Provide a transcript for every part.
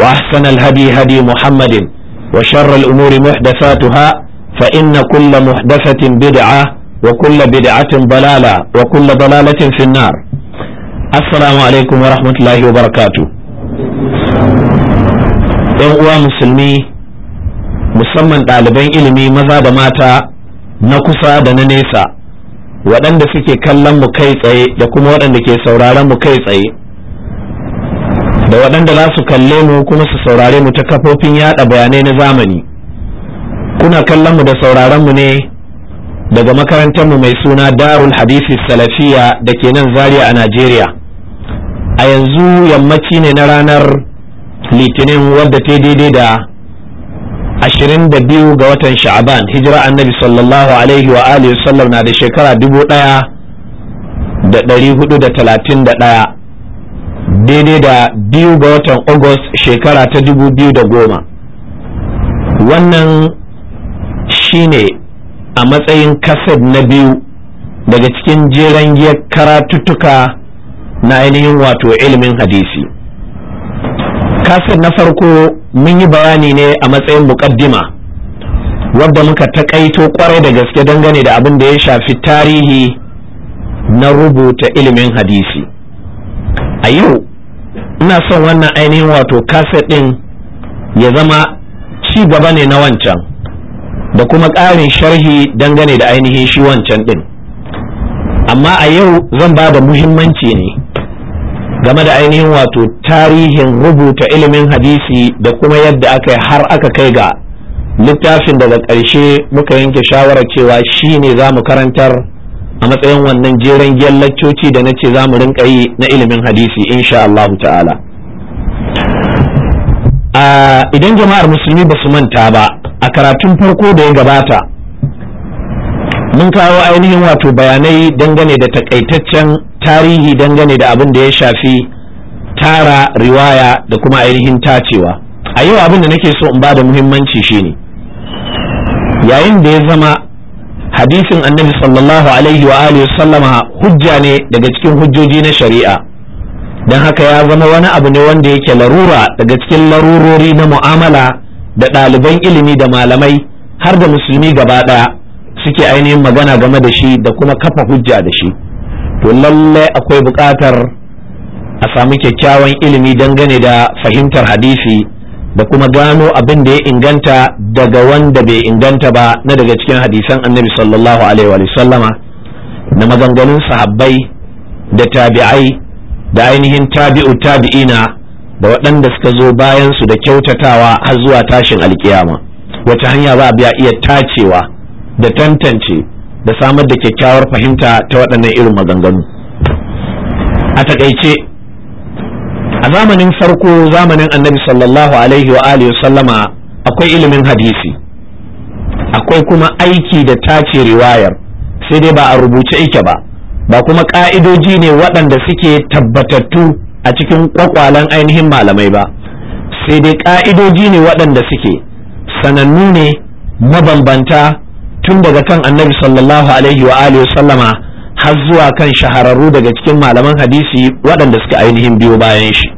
وأحسن الهدي هدي محمد وشر الأمور محدثاتها فإن كل محدثة بدعة وكل بدعة ضلالة وكل ضلالة في النار السلام عليكم ورحمة الله وبركاته ‘yan uwa musulmi musamman ɗaliban ilimi maza da mata na kusa da na nesa waɗanda suke kallon mu kai tsaye da kuma waɗanda ke sauraron mu kai tsaye da waɗanda za su kalle mu kuma su saurare mu ta kafofin yada bayanai na zamani kuna kallon mu da sauraron mu ne daga makarantar mu mai suna darul hadisi salafiya da ke nan zaria a najeriya a yanzu yammaci ne na ranar litinin wadda ta daidai da 22 ga watan sha'aban hijira annabi sallallahu alaihi wa alihi sallam na da shekara 1431 daidai da biyu ga watan August shekara ta dubu biyu da goma wannan shine a matsayin kaset na biyu daga cikin jeren giyar karatuttuka na ainihin wato ilimin hadisi Kaset na farko mun yi bayani ne a matsayin muƙaddima wadda muka takaito kwarai da gaske dangane da abin da ya shafi tarihi na rubuta ilimin hadisi a yau ina son wannan ainihin wato kaset ɗin ya zama ci gaba ne na wancan da kuma ƙarin sharhi dangane da ainihin shi wancan ɗin amma a yau zan ba da muhimmanci ne game da ainihin wato tarihin rubuta ilimin hadisi da kuma yadda aka har aka kai ga littafin daga ƙarshe muka yanke shawarar cewa shi ne za mu karantar a matsayin wannan jeren giyan laccoci da ce za mu rinka yi na ilimin hadisi insha Allah ta'ala idan jama'ar musulmi ba su manta ba a karatun farko da ya gabata mun kawo ainihin wato bayanai dangane da takaitaccen tarihi dangane da abin da ya shafi tara riwaya da kuma ainihin tacewa a yau abin da nake so in ba da muhimmanci shine yayin da ya zama hadisin annabi sallallahu alaihi wa alihi sallama hujja ne daga cikin hujjoji na shari'a don haka ya zama wani abu ne wanda yake larura daga cikin larurori na mu'amala da ɗaliban ilimi da malamai har da musulmi gaba ɗaya suke ainihin magana game da shi da kuma kafa hujja da shi to lallai akwai buƙatar a samu kyakkyawan ilimi dangane da fahimtar hadisi da kuma gano abin da ya inganta daga wanda bai inganta ba na daga cikin hadisan annabi sallallahu alaihi wa sallama na maganganun sahabbai da tabi'ai da ainihin tabi'u tabi'ina da waɗanda suka zo bayan su da kyautatawa har zuwa tashin alkiyama wata hanya za a biya iya tacewa da tantance da samar da kyakkyawar fahimta ta waɗannan irin maganganu a takaice a zamanin farko zamanin annabi sallallahu alaihi wa alihi sallama akwai ilimin hadisi akwai kuma aiki da tace riwayar sai dai ba a rubuce yake ba ba kuma ka'idoji ne waɗanda suke tabbatattu a cikin kwakwalen ainihin malamai ba sai dai ka'idoji ne waɗanda suke sanannu ne mabambanta tun daga kan annabi sallallahu alaihi wa alihi sallama har zuwa kan shahararru daga cikin malaman hadisi waɗanda suka ainihin biyo bayan shi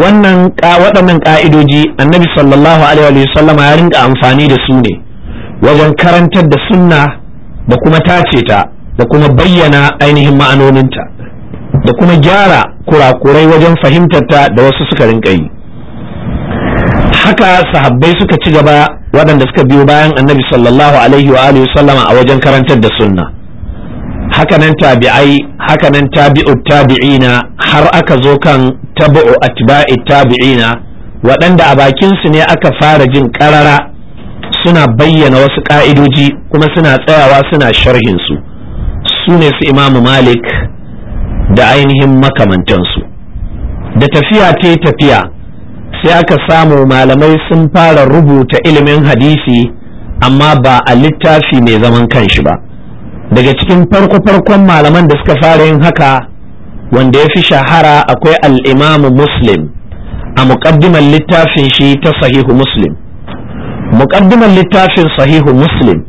wannan waɗannan ƙa'idoji annabi sallallahu alaihi wa sallama ya rinka amfani da su ne wajen karantar da sunna da kuma tace ta da kuma bayyana ainihin ma'anoninta da kuma gyara kurakurai wajen fahimtarta da wasu suka rinka yi haka sahabbai suka ci gaba waɗanda suka biyo bayan annabi sallallahu alaihi wa alihi sallama a wajen karantar da sunna hakanan tabi'ai hakanan tabi'u tabi'ina har aka zo kan tabu'u atba'i tabi'ina waɗanda a bakinsu ne aka fara jin ƙarara suna bayyana wasu ƙa'idoji kuma suna tsayawa suna sharhinsu su ne su imamu malik da ainihin makamantansu da tafiya ta tafiya sai aka samu malamai sun fara rubuta ilimin hadisi amma ba a littafi mai zaman kanshi ba daga cikin farko-farkon malaman da suka fara yin haka wanda ya fi shahara akwai al'imamu muslim a muƙaddimar littafin shi ta sahihu muslim muƙaddimar littafin sahihu muslim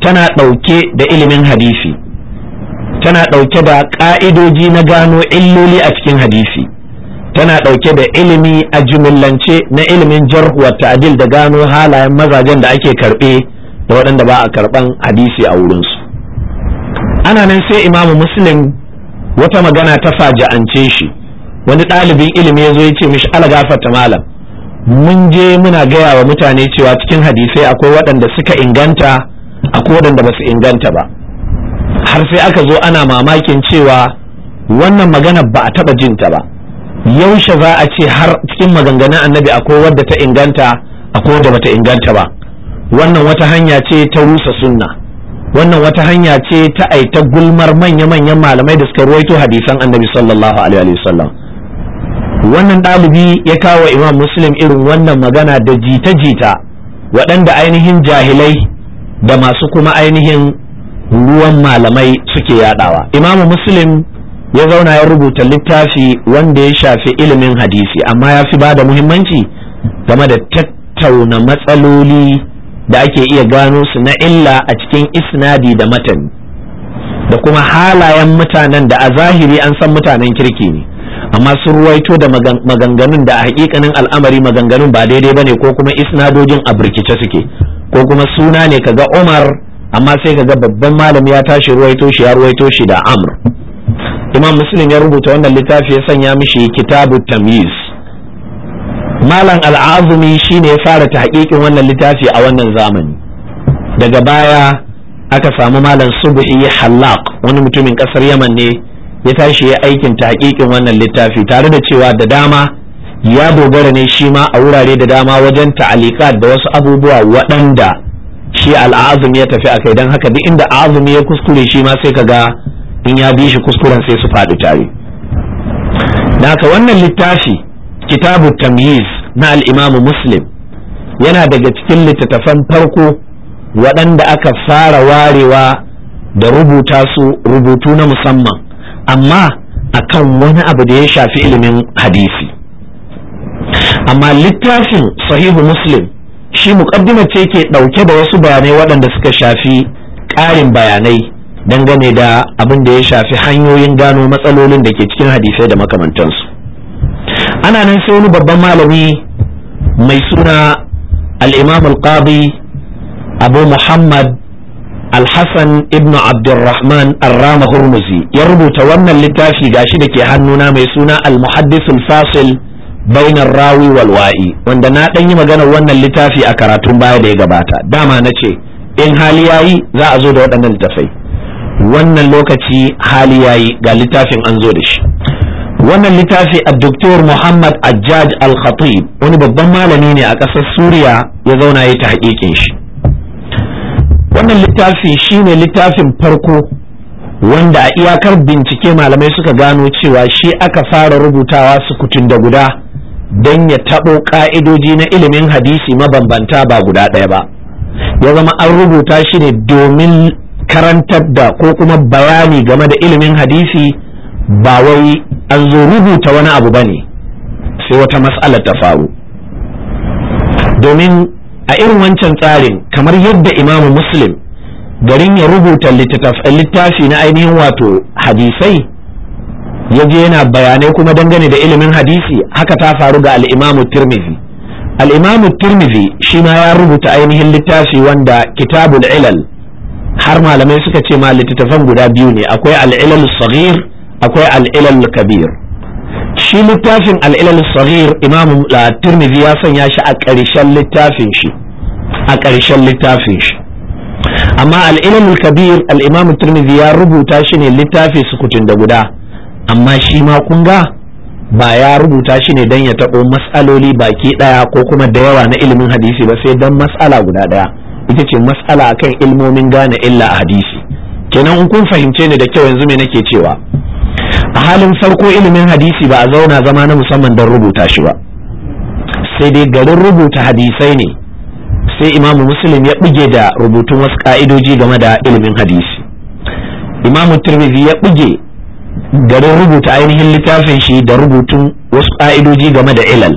tana ɗauke da ilimin hadisi tana ɗauke da ƙa'idoji na gano illoli a cikin hadisi tana ɗauke da ilimi a jumillance na ilimin jarhu wa ta'dil da gano halayen mazajen da ake karbe da waɗanda ba a karɓan hadisi a wurinsu ana nan sai imamu muslim wata magana ta faja'ance shi wani ɗalibin ilimi ya zo ya ce mishi alagafata malam mun je muna gaya wa mutane cewa cikin hadisai akwai waɗanda suka inganta akwai waɗanda ba su inganta ba har sai aka zo ana mamakin cewa wannan magana ba a taɓa jinta ba yaushe za a ce har cikin maganganun annabi akwai wadda ta inganta akwai wadda bata inganta ba wannan wata hanya ce ta rusa sunna wannan wata hanya ce ta aita gulmar manya-manyan malamai da suka ruwaito hadisan annabi sallallahu alaihi wasallam wannan ɗalibi ya kawo imam muslim irin wannan magana da jita-jita waɗanda ainihin jahilai da masu kuma ainihin ruwan malamai suke yadawa imam muslim ya zauna ya rubuta littafi wanda ya shafi ilimin hadisi amma ya fi bada muhimmanci game da tattauna matsaloli da ake iya gano su na illa a cikin isnadi da matan da kuma halayen mutanen da a zahiri an san mutanen kirki ne amma sun ruwaito da maganganun da a hakikanin al'amari maganganun ba daidai ba ne ko kuma isnadojin a birkice suke ko kuma suna ne kaga umar amma sai kaga babban malami ya tashi ruwaito shi ya ruwaito shi da amr imam muslim ya rubuta wannan littafi ya sanya mishi kitabu tamiz malam al'azumi shine ya fara tahqiqin wannan littafi a wannan zamani daga baya aka samu malam subhi halak wani mutumin kasar yaman ne ya tashi ya aikin hakikin wannan littafi tare da cewa da dama ya dogara ne shi ma a wurare da dama wajen ta'alikat da wasu abubuwa waɗanda shi al'azumi ya tafi a kai don haka duk inda azumi ya kuskure shi ma sai ka ga in ya bi shi kuskuren sai su faɗi tare haka wannan littafi kitabu tamyiz na al'imamu muslim yana daga cikin littattafan farko waɗanda aka fara warewa da rubuta su rubutu na musamman amma akan wani abu da ya shafi ilimin hadisi amma littafin sahihu muslim shi muƙaddima ce ke ɗauke da wasu bayanai waɗanda suka shafi ƙarin bayanai dangane da abin da ya shafi hanyoyin gano matsalolin da ke cikin hadisai da makamantansu ana nan sai wani babban malami mai suna al-imam al-qadi abu muhammad al-hassan ibn abdurrahman ar-rama hurmuzi ya rubuta wannan littafi gashi da ke hannuna mai suna al-muhaddis al-fasil bain rawi wal wa'i wanda na dan yi maganar wannan littafi a karatun baya da ya gabata dama na ce in hali yayi za a zo da waɗannan littafai wannan lokaci hali yayi ga littafin an zo da shi wannan littafi a doktor muhammad ajaj al-khatib wani babban malami ne a ƙasar suriya ya zauna ya ta haƙiƙin shi wannan littafi shine littafin farko wanda a iyakar bincike malamai suka gano cewa shi aka fara rubutawa sukutun da guda don ya taɓo ƙa'idoji na ilimin hadisi mabambanta ba guda ɗaya ba ya zama an rubuta shi ne domin karantar da ko kuma bayani game da ilimin hadisi ba wai an zo rubuta wani abu ba ne sai wata matsalar ta faru domin a irin wancan tsarin kamar yadda imamu muslim garin ya rubuta littafi na ainihin wato hadisai ya je yana bayanai kuma dangane da ilimin hadisi haka ta faru ga al'imamu tirmizi al'imamu tirmizi shi ma ya rubuta ainihin littafi wanda kitabul ilal har malamai suka ce ma littattafan guda biyu ne akwai al'ilal saghir akwai al'ilal kabir shi littafin al'ilal saghir imam uh, tirmidhi ya sanya shi a ƙarshen littafin shi a ƙarshen littafin shi amma al'ilal kabir al'imam tirmidhi ya rubuta shi ne littafi sukutun da guda amma shi ma kun ga ba ya rubuta shi ne don ya taɓo matsaloli baki ɗaya ko kuma da yawa na ilimin hadisi ba sai don matsala guda ɗaya ita ce mas'ala akan ilmomin gane illa a hadisi kenan in kun fahimce ni da kyau yanzu me nake cewa a halin farko ilimin hadisi ba a zauna zama na musamman don rubuta shi ba sai dai garin rubuta hadisai ne sai imamu muslim ya buge da rubutun wasu ka'idoji game da ilimin hadisi imamu tirmidhi ya buge garin rubuta ainihin littafin shi da rubutun wasu ka'idoji game da ilal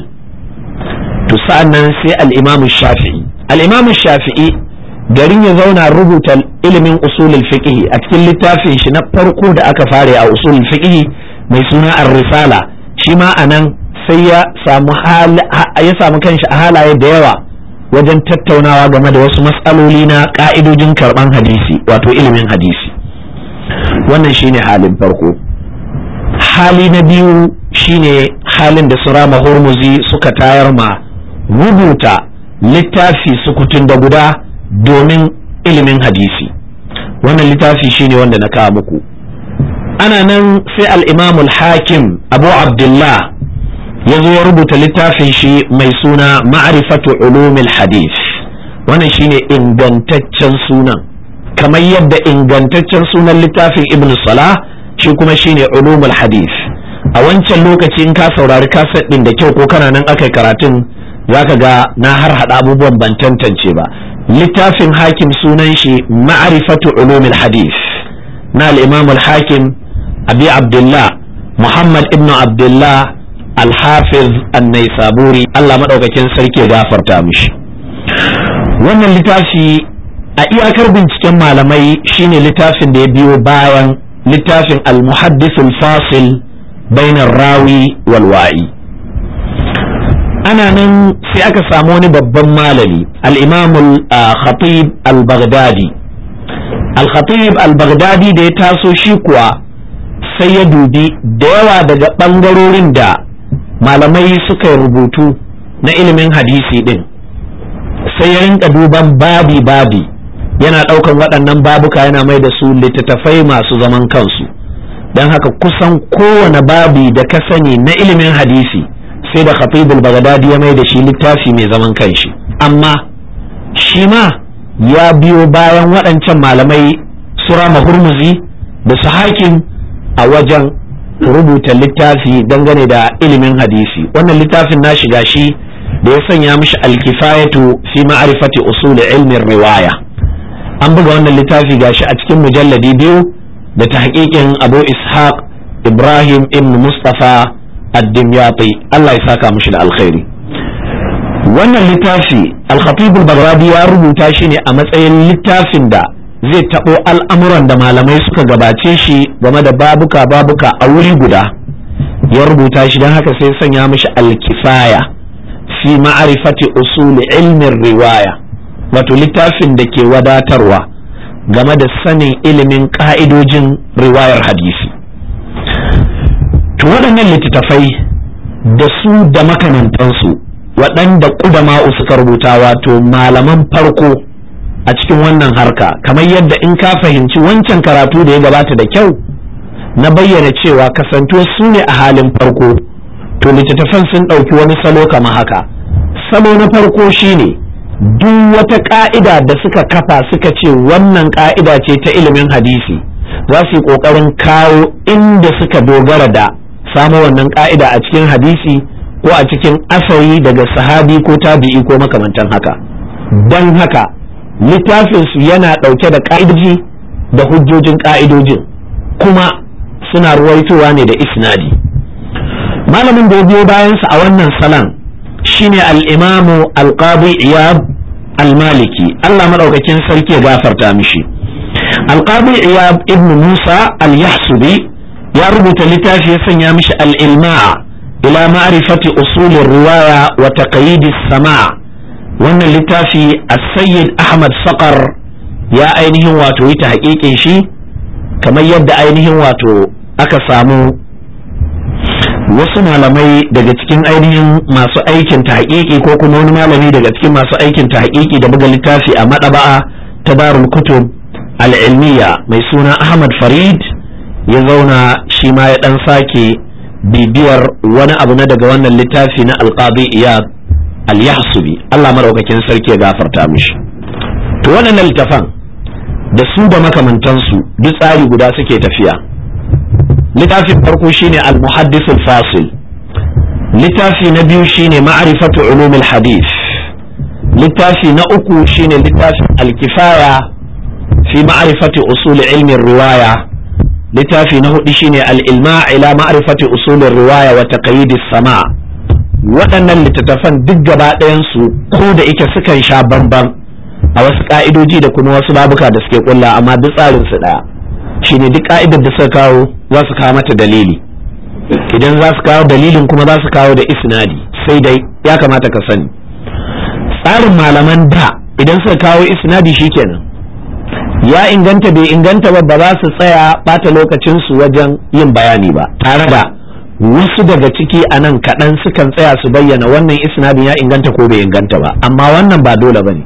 to sa'an nan sai Al'imamin shafi'i al'imamin shafi'i garin ya zauna rubuta ilimin usulul fiqh a cikin littafin shi na farko da aka fare a usulul fiqh mai suna ar-risala shi ma anan sai ya samu ya samu kanshi a halaye da yawa wajen tattaunawa game da wasu matsaloli na ka'idojin karban hadisi wato ilimin hadisi wannan shine halin farko hali na biyu shine halin da surama hormuzi suka tayar ma rubuta littafi sukutun da guda domin ilimin hadisi wannan littafi shine wanda na kawo muku ana nan sai al'imamul hakim abu abdullah ya zo ya rubuta littafin shi mai suna ma'arifatu ulumil hadis wannan shine ingantaccen sunan kamar yadda ingantaccen sunan littafin ibn salah shi kuma shine ulumul hadis a wancan lokaci in ka saurari kaset ɗin da kyau ko kana nan aka karatun za ka ga na har haɗa abubuwan ban tantance ba littafin hakim sunan shi ma'arifatu ulumil hadis na al-imam al-hakim abi abdullah muhammad ibnu abdullah al-hafiz an-naisaburi Allah madaukakin sarki ya gafarta mishi wannan littafi a iyakar binciken malamai shine littafin da ya biyo bayan littafin al-muhaddith al-fasil bainar rawi wal wa'i ana nan sai aka samu wani babban malami al-imam al-khatib al-baghdadi al-khatib al-baghdadi da ya taso shi kuwa sai ya dubi da yawa daga bangarorin da malamai suka rubutu na ilimin hadisi din sai ya rinka duban babi babi yana ɗaukan waɗannan babuka yana mai da su littattafai masu zaman kansu don haka kusan kowane babi da ka sani na ilimin hadisi sai da khatibul bagdadi ya mai da shi littafi mai zaman kanshi amma shi ma ya biyo bayan waɗancan malamai surama hurmuzi da su hakim a wajen rubuta littafi dangane da ilimin hadisi wannan littafin na shiga shi da ya sanya mishi alkifayatu fi ma'arifati usul ilmin riwaya an buga wannan littafi gashi a cikin mujalladi biyu da tahqiqin abu ishaq ibrahim ibn mustafa ya dimyati Allah ya saka mushi da alkhairi wannan littafi al-khatib ya rubuta shi ne a matsayin littafin da zai tabo al'amuran da malamai suka gabace shi game da babuka babuka a wuri guda ya rubuta shi don haka sai sanya mishi al-kifaya fi ma'rifati usul ilmin riwaya wato littafin da ke wadatarwa game da sanin ilimin ka'idojin riwayar hadisi waɗannan littattafai da su da makamantansu waɗanda ƙudama suka rubuta wato malaman farko a cikin wannan harka kamar yadda in ka fahimci wancan karatu da ya gabata da kyau na bayyana cewa kasantuwa su ne a halin farko to littattafan sun ɗauki wani salo kama haka salo na farko shine duk wata ƙa'ida da suka kafa suka ce wannan ƙa'ida ce ta ilimin hadisi za su yi ƙoƙarin kawo inda suka dogara da samo wannan ka'ida a cikin hadisi ko a cikin asari daga sahabi ko tabi'i ko makamantan haka don haka littafinsu yana ɗauke da ka'idoji da hujjojin ka'idojin kuma suna ruwaitowa ne da isnadi malamin da biyo bayansa a wannan salan shine al-imamu al-qadi iyab al-maliki Allah madaukakin sarki ya gafarta mishi al-qadi iyab ibn Musa al-Yahsubi ya rubuta littafi ya sanya mishi al'ilma ila ma'arifati usulin riwaya wa taqyidis sama' wannan littafi a sayyid Ahmad Sakar ya ainihin wato yi ta haƙiƙin shi kamar yadda ainihin wato aka samu wasu malamai daga cikin ainihin masu aikin ta haƙiƙi ko kuma wani malami daga cikin masu aikin ta haƙiƙi da buga littafi a maɗaba'a ta darul kutub al'ilmiya mai suna Ahmad Farid ya zauna shi ma ya ɗan sake bibiyar wani abu na daga wannan littafi na alƙadi iyad al Allah maraukakin sarki ya gafarta mishi to waɗannan littafan da su da makamantansu duk tsari guda suke tafiya littafin farko shine al-muhaddith al-fasil littafi na biyu shine ma'rifatu ulum al-hadith littafi na uku shine littafin al-kifaya fi ma'rifati usul ilmin riwaya littafi na hudu shine al-ilma ila ma'rifati usulir riwaya wa taqyidis sama waɗannan littattafan duk gaba ɗayan ko da yake sukan sha bambam. a wasu ka'idoji da kuma wasu babuka da suke kulla amma duk tsarin su ɗaya shine duk ka'idar da suka kawo za su kawo mata dalili idan za su kawo dalilin kuma za su kawo da isnadi sai dai ya kamata ka sani tsarin malaman da idan suka kawo isnadi shikenan ya inganta bai inganta ba ba za su tsaya bata lokacinsu wajen yin bayani ba tare da wasu daga ciki a nan kaɗan sukan tsaya su bayyana wannan isnadin ya inganta ko bai inganta ba amma wannan ba dole ba ne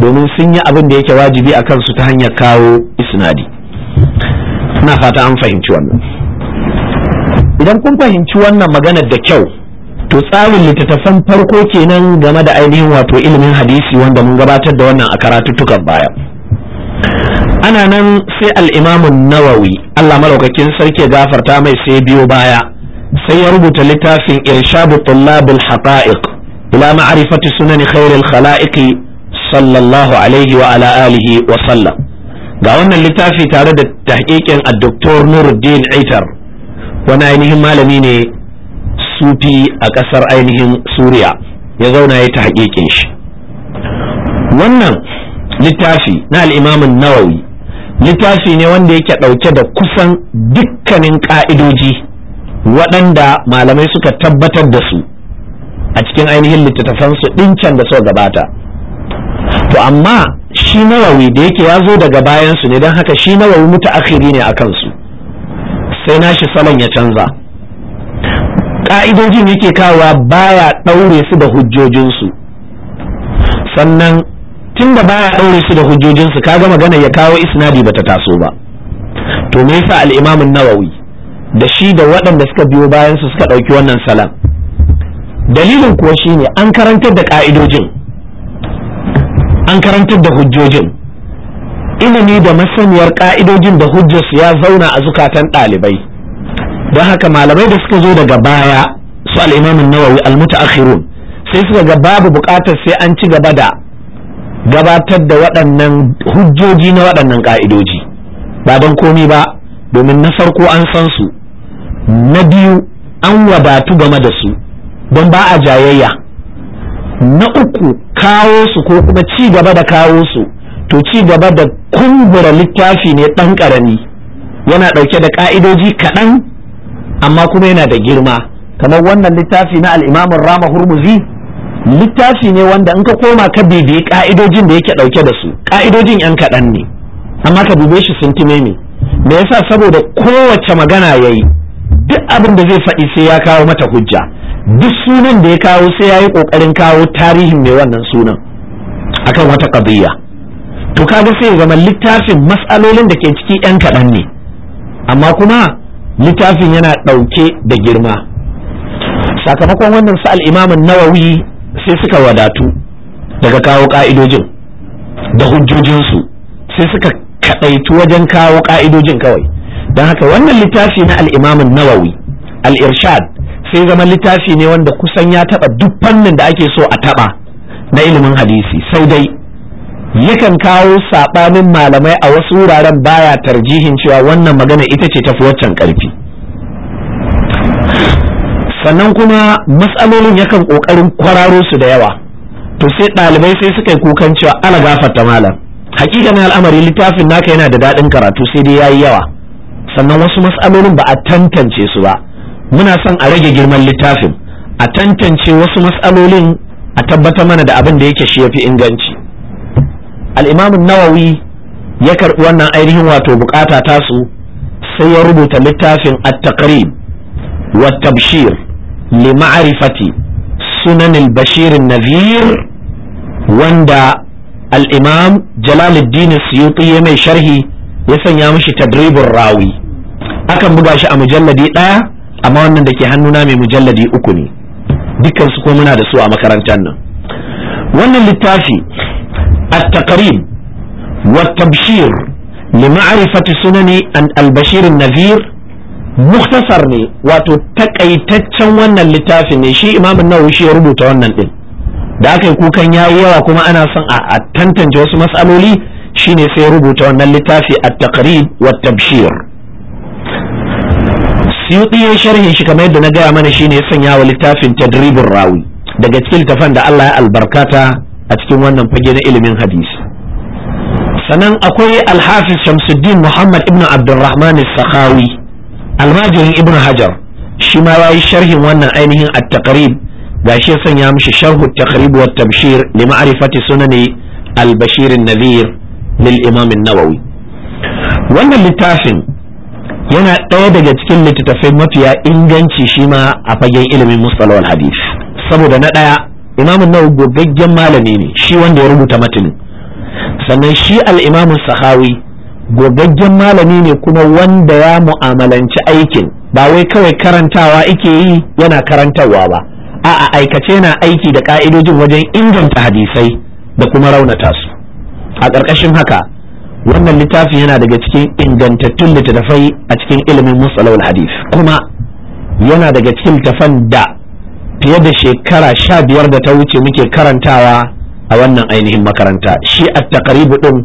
domin sun yi abin da yake wajibi a kansu ta hanyar kawo isnadi na fata an fahimci wannan idan kun fahimci wannan maganar da kyau to tsarin littattafan farko kenan game da ainihin wato ilimin hadisi wanda mun gabatar da wannan a karatuttukan baya ana nan sai al'imamun nawawi Allah malaukakin sarki gafarta mai sai biyo baya sai ya rubuta littafin irshadu tullabil haqa'iq ila ma'rifati sunan khairil khala'iqi sallallahu alaihi wa ala alihi wa sallam ga wannan littafi tare da tahqiqin ad Nuruddin Aitar wani ainihin malami ne sufi a kasar ainihin Suriya ya zauna ya tahqiqin shi wannan littafi na al'imamin nawawi littafi ne wanda yake ɗauke da kusan dukkanin ƙa'idoji waɗanda malamai suka tabbatar da su a cikin ainihin littattafansu ɗincan da suka gabata to amma shi nawawi da yake ya zo daga bayansu ne don haka shi nawawi muta'akhiri ne a kansu sai nashi salon ya canza ƙa'idojin yake kawowa baya ɗaure su da hujjojinsu sannan tun da baya ɗaure su da hujjojinsu kaga magana ya kawo isnadi bata taso ba to me yasa al-imam nawawi da shi da waɗanda suka biyo bayan su suka ɗauki wannan salam dalilin kuwa shine an karantar da ka'idojin an karantar da hujjojin ilimi da masaniyar ka'idojin da hujjarsu ya zauna a zukatan ɗalibai don haka malamai da suka zo daga baya su al-imam nawawi al-mutaakhirun sai suka ga babu buƙatar sai an ci gaba da gabatar da waɗannan hujjoji na waɗannan ƙa'idoji ba don komi ba domin na farko an san su na biyu an wadatu game da su don ba a jayayya na uku kawo su ko kuma ci gaba da kawo su to ci gaba da kumbura littafi ne ɗan ƙarami yana ɗauke da ƙa'idoji kaɗan amma kuma yana da girma kamar wannan littafi na al'imamin rama hurmuzi littafi ne wanda in ka koma ka bibiyi ka'idojin da yake dauke da su ka'idojin yan kaɗan ne amma ka dube shi sun time me me yasa saboda kowace magana yayi duk abin da zai faɗi sai ya kawo mata hujja duk sunan da ya kawo sai yayi yi ƙoƙarin kawo tarihin mai wannan sunan akan wata ƙabiyya to kaga sai zama littafin mas'alolin da ke ciki yan kaɗan ne amma kuma littafin yana ɗauke da girma sakamakon wannan su al'imamin nawawi sai suka wadatu daga kawo ka'idojin da hujjojinsu sai suka kadaitu wajen kawo ka'idojin kawai don haka wannan littafi na al'imamin nawawi al-irshad sai zama littafi ne wanda kusan ya taɓa duk fannin da ake so a taɓa na ilimin hadisi sai dai yakan kawo saɓanin malamai a wasu wuraren baya tarjihin cewa wannan magana ita ce tafi waccan ƙarfi sannan kuma matsalolin yakan kokarin kwararo su da yawa to sai ɗalibai sai suka yi kukan cewa ala gafarta malam hakikanin al'amari littafin naka yana da daɗin karatu sai dai yayi yawa sannan wasu matsalolin ba a tantance su ba muna son a rage girman littafin a tantance wasu matsalolin a tabbatar mana da abin da yake shi yafi inganci al'imamin nawawi ya karɓi wannan ainihin wato bukata tasu sai ya rubuta littafin at-taqrib wa tabshir li ma'rifati sunan al-bashir an-nadhir wanda al-imam Jalaluddin Suyuti ya mai sharhi ya sanya mishi tadribur rawi akan buga shi a mujalladi ɗaya amma wannan da ke hannuna mai mujalladi uku ne dukkan su ko muna da su a makarantar nan wannan littafi a taqrib wa tabshir li ma'rifati sunani an al-bashir an-nadhir muktasar ne wato takaitaccen wannan littafin ne shi imamun nawawi shi ya rubuta wannan din da aka yi kukan ya yawa kuma ana son a tantance wasu matsaloli shine sai ya rubuta wannan littafi at-taqrib wa tabshir siyuti ya sharhi shi kamar yadda na gaya mana shine ya sanya wa littafin tadribin rawi daga cikin littafan da Allah ya albarkata a cikin wannan fage na ilimin hadisi sannan akwai alhafiz shamsuddin muhammad ibn abdurrahman sakhawi almajirin ibn hajar shi ma yayi sharhin wannan ainihin at-taqrib gashi ya sanya mishi sharhu at-taqrib wa tabshir li ma'rifati sunani al-bashir an-nadhir lil imam an-nawawi wannan littafin yana ɗaya daga cikin littattafai mafiya inganci shi ma a fagen ilimin mustalawal hadith saboda na ɗaya an nawawi gogaggen malami ne shi wanda ya rubuta matanin sannan shi al-imamu sahawi gogaggen malami ne kuma wanda ya mu'amalanci aikin ba wai kawai karantawa ike yi yana karantarwa ba a aikace na aiki da ka'idojin wajen inganta hadisai da kuma raunata su a ƙarƙashin haka wannan littafin yana daga cikin ingantattun littattafai a cikin ilimin musalawul hadis kuma yana daga cikin littattafan da fiye da shekara sha biyar da ta wuce muke karantawa a wannan ainihin makaranta shi at takaribu din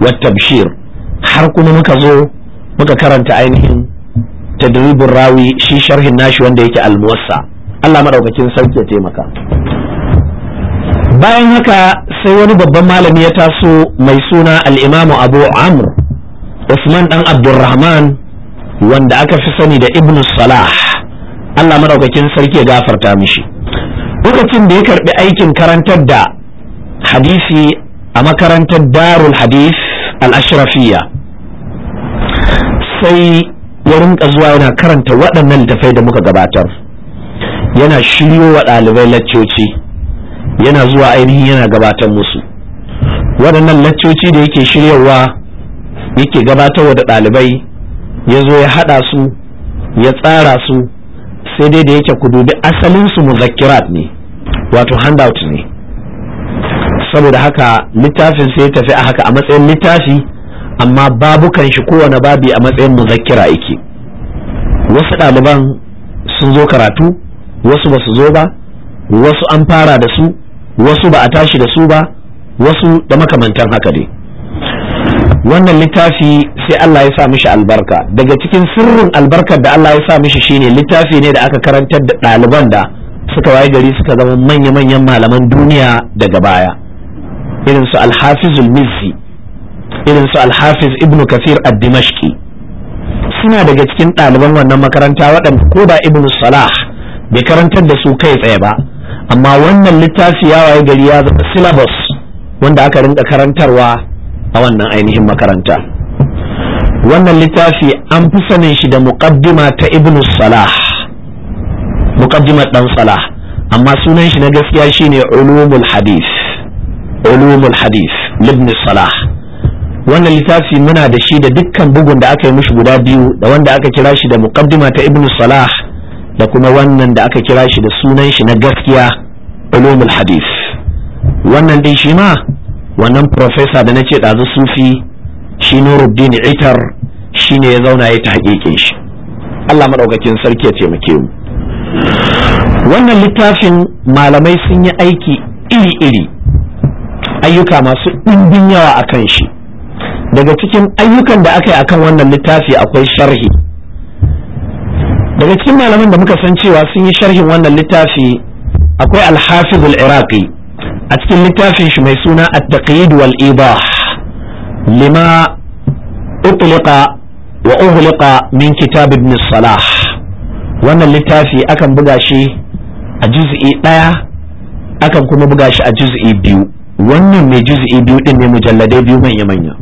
wata tabshir har kuma muka zo muka karanta ainihin tadribin rawi shi sharhin nashi wanda yake almuwassa Allah madaukakin sarki ya taimaka bayan haka sai wani babban malami ya taso mai suna al imam abu amr usman dan abdurrahman wanda aka fi sani da ibn salah Allah madaukakin sarki ya gafarta mishi lokacin da ya karbi aikin karantar da hadisi a makarantar darul hadis al-ashrafiya sai ya rinka zuwa yana karanta waɗannan littafai da muka gabatar yana shiryo wa ɗalibai laccoci yana zuwa ainihin yana gabatar musu waɗannan laccoci da yake shiryawa yake gabatar wa da ɗalibai ya zo ya haɗa su ya tsara su sai dai da yake ku dubi asalinsu muzakkirat ne wato handout ne saboda haka littafin sai tafi a haka a matsayin littafi amma babukan shi kowane babi a matsayin muzakkira yake wasu ɗaliban sun zo karatu wasu ba su zo ba wasu an fara da su wasu ba a tashi da su ba wasu da makamantan haka dai wannan littafi sai Allah ya sa mishi albarka daga cikin sirrin albarkar da Allah ya sa mishi shine littafi ne da aka karantar da ɗaliban da suka waye gari suka zama manya-manyan malaman duniya daga baya irin su alhafizul irin su alhafiz ibnu kafir ad-dimashqi suna daga cikin ɗaliban wannan makaranta waɗanda ko ba ibnu salah bai karantar da su kai tsaye ba amma wannan littafi ya waye gari ya zama syllabus wanda aka rinka karantarwa a wannan ainihin makaranta wannan littafi an fi sanin shi da muqaddima ta ibnu salah muqaddimar dan salah amma sunan shi na gaskiya shine ulumul hadith ulumul hadith ibn salah wannan littafi muna da shi da dukkan bugun da aka yi mishi guda biyu da wanda aka kira shi da muqaddima ta ibn salah da kuma wannan da aka kira shi da sunan shi na gaskiya ulumul hadith wannan ɗin shima wannan professor da na ce dazu sufi shi Nuruddin Itar shine ya zauna ya ta hakikin shi Allah madaukakin sarki ya taimake mu wannan littafin malamai sun yi aiki iri-iri ayyuka masu ɗimbin yawa a kan shi daga cikin ayyukan da aka yi akan wannan littafi akwai sharhi daga cikin malaman da muka san cewa sun yi sharhin wannan littafi akwai alhafiz al-iraqi a cikin littafin shi mai suna at-taqyid wal ibah lima utliqa wa uhliqa min kitab ibn salah wannan littafi akan buga shi a juz'i ɗaya akan kuma buga shi a juz'i biyu wannan mai juz'i biyu din ne mujalladai biyu manya manya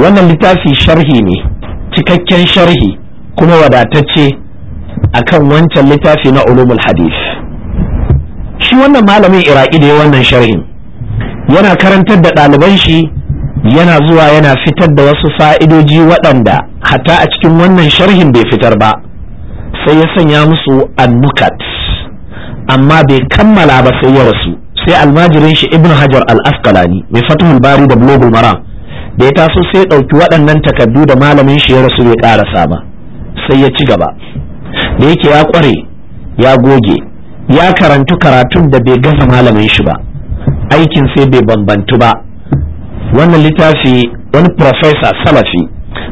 wannan littafi sharhi ne cikakken sharhi kuma wadatacce akan wancan littafi na ulumul hadith shi wannan malamin iraki da wannan sharhin yana karantar da ɗaliban shi yana zuwa yana fitar da wasu fa'idoji waɗanda hatta a cikin wannan sharhin bai fitar ba sai ya sanya musu annukat amma bai kammala ba sai ya rasu sai almajirin shi ibn hajar al-asqalani mai fatuhul bari da bulogul maram da ya taso sai ɗauki waɗannan takardu da malamin shi ya rasu ya ƙarasa ba sai ya ci gaba da yake ya kware ya goge ya karantu karatun da bai gaza malamin shi ba aikin sai bai bambantu ba wannan littafi wani profesa salafi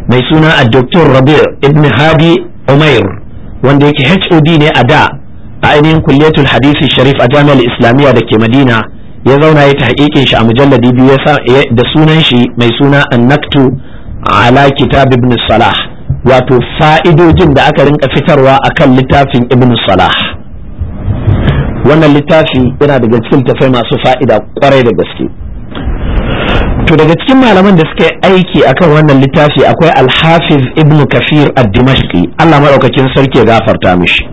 mai suna a dr Rabir ibn hadi umair wanda yake hod ne a da ainihin kulliyatul hadisi sharif a jami'ar islamiyya da ke madina ya zauna ya tahqiqin shi a mujalladi biyu da sunan shi mai suna annaktu ala kitab ibn salah wato fa'idojin da aka rinka fitarwa akan littafin ibn salah wannan littafi yana daga cikin tafai masu fa'ida kwarai da gaske to daga cikin malaman da suka yi aiki akan wannan littafi akwai alhafiz ibn kafir ad-dimashqi Allah madaukakin sarki ya gafarta mishi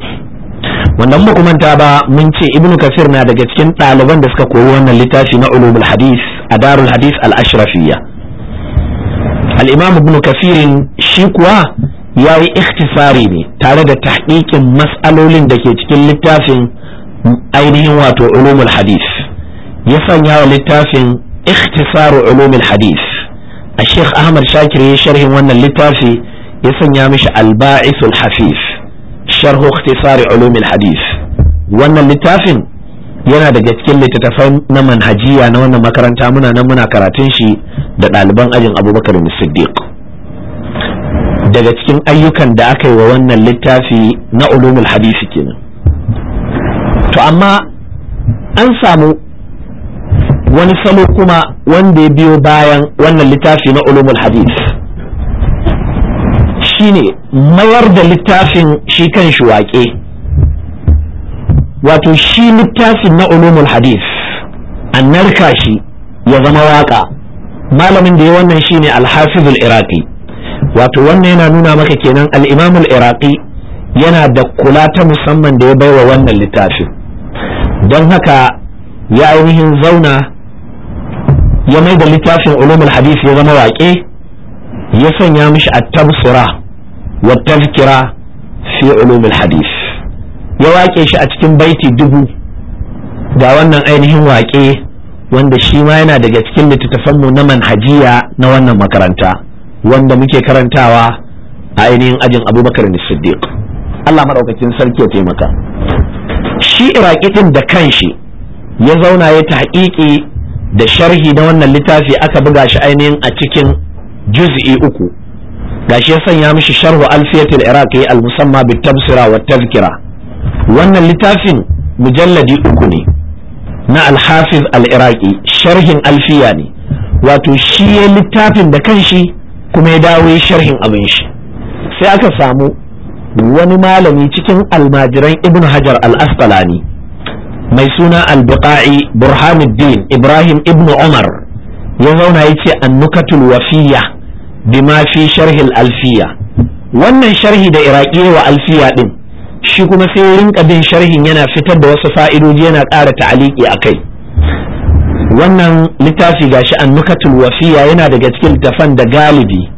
wannan ba manta ba mun ce ibnu kasir na daga cikin ɗaliban da suka koyi wannan littafi na ulumul hadis a darul hadis al ashrafiyya al imam ibnu kasirin shi kuwa ya yi ikhtisari ne tare da tahqiqin mas'alolin da ke cikin littafin ainihin wato ulumul hadis ya sanya wa littafin ikhtisaru ulumul hadis a sheikh ahmad shakir ya sharhin wannan littafi ya sanya mishi al-ba'isul ta sare ulumil hadis wannan littafin yana daga cikin littattafai na manhajiya na wannan makaranta muna nan muna karatun shi da ɗaliban ajin abubakar siddiq daga cikin ayyukan da aka yi wa wannan littafi na ulumul hadisi kenan to amma an samu wani salo kuma wanda ya biyo bayan wannan littafi na ulumul hadisi shine mayar da littafin shi kan shi waƙe wato shi littafin na ulumul hadith an narka shi ya zama waƙa malamin da ya wannan shine alhafizul iraqi wato wannan yana nuna maka kenan alimamul imamul iraqi yana da kula ta musamman da ya baiwa wannan littafin don haka ya ainihin zauna ya mai da littafin ulumul hadith ya zama waƙe ya sanya mishi a tabsura wa tazkira fi ulumul hadith ya waƙe shi a cikin baiti dubu ga wannan ainihin waƙe wanda shi ma yana daga cikin littattafanmu na manhajiya na wannan makaranta wanda muke karantawa a ainihin ajin abubakar siddiq Allah maɗaukacin sarki ya taimaka shi iraki da kanshi ya zauna ya tahqiqi da sharhi na wannan littafi aka buga shi ainihin a cikin juz'i uku gashi ya sanya mishi sharhu alfiyatul iraqi al musamma bit tabsira wa tazkira wannan littafin mujalladi uku ne na al-hafiz al-iraqi sharhin alfiya ne wato shi ya littafin da kanshi kuma ya dawo sharhin abin shi sai aka samu wani malami cikin almajiran ibn hajar al-asqalani mai suna al-buqa'i burhanuddin ibrahim ibn umar ya zauna ya ce annukatul wafiya bima fi sharhil alfiya wannan sharhi da iraki wa alfiya din shi kuma sai rinka bin sharhin yana fitar da wasu fa'idoji yana ƙara ta'aliki a kai wannan littafi gashi an nukatul wafiya yana daga cikin tafan da galibi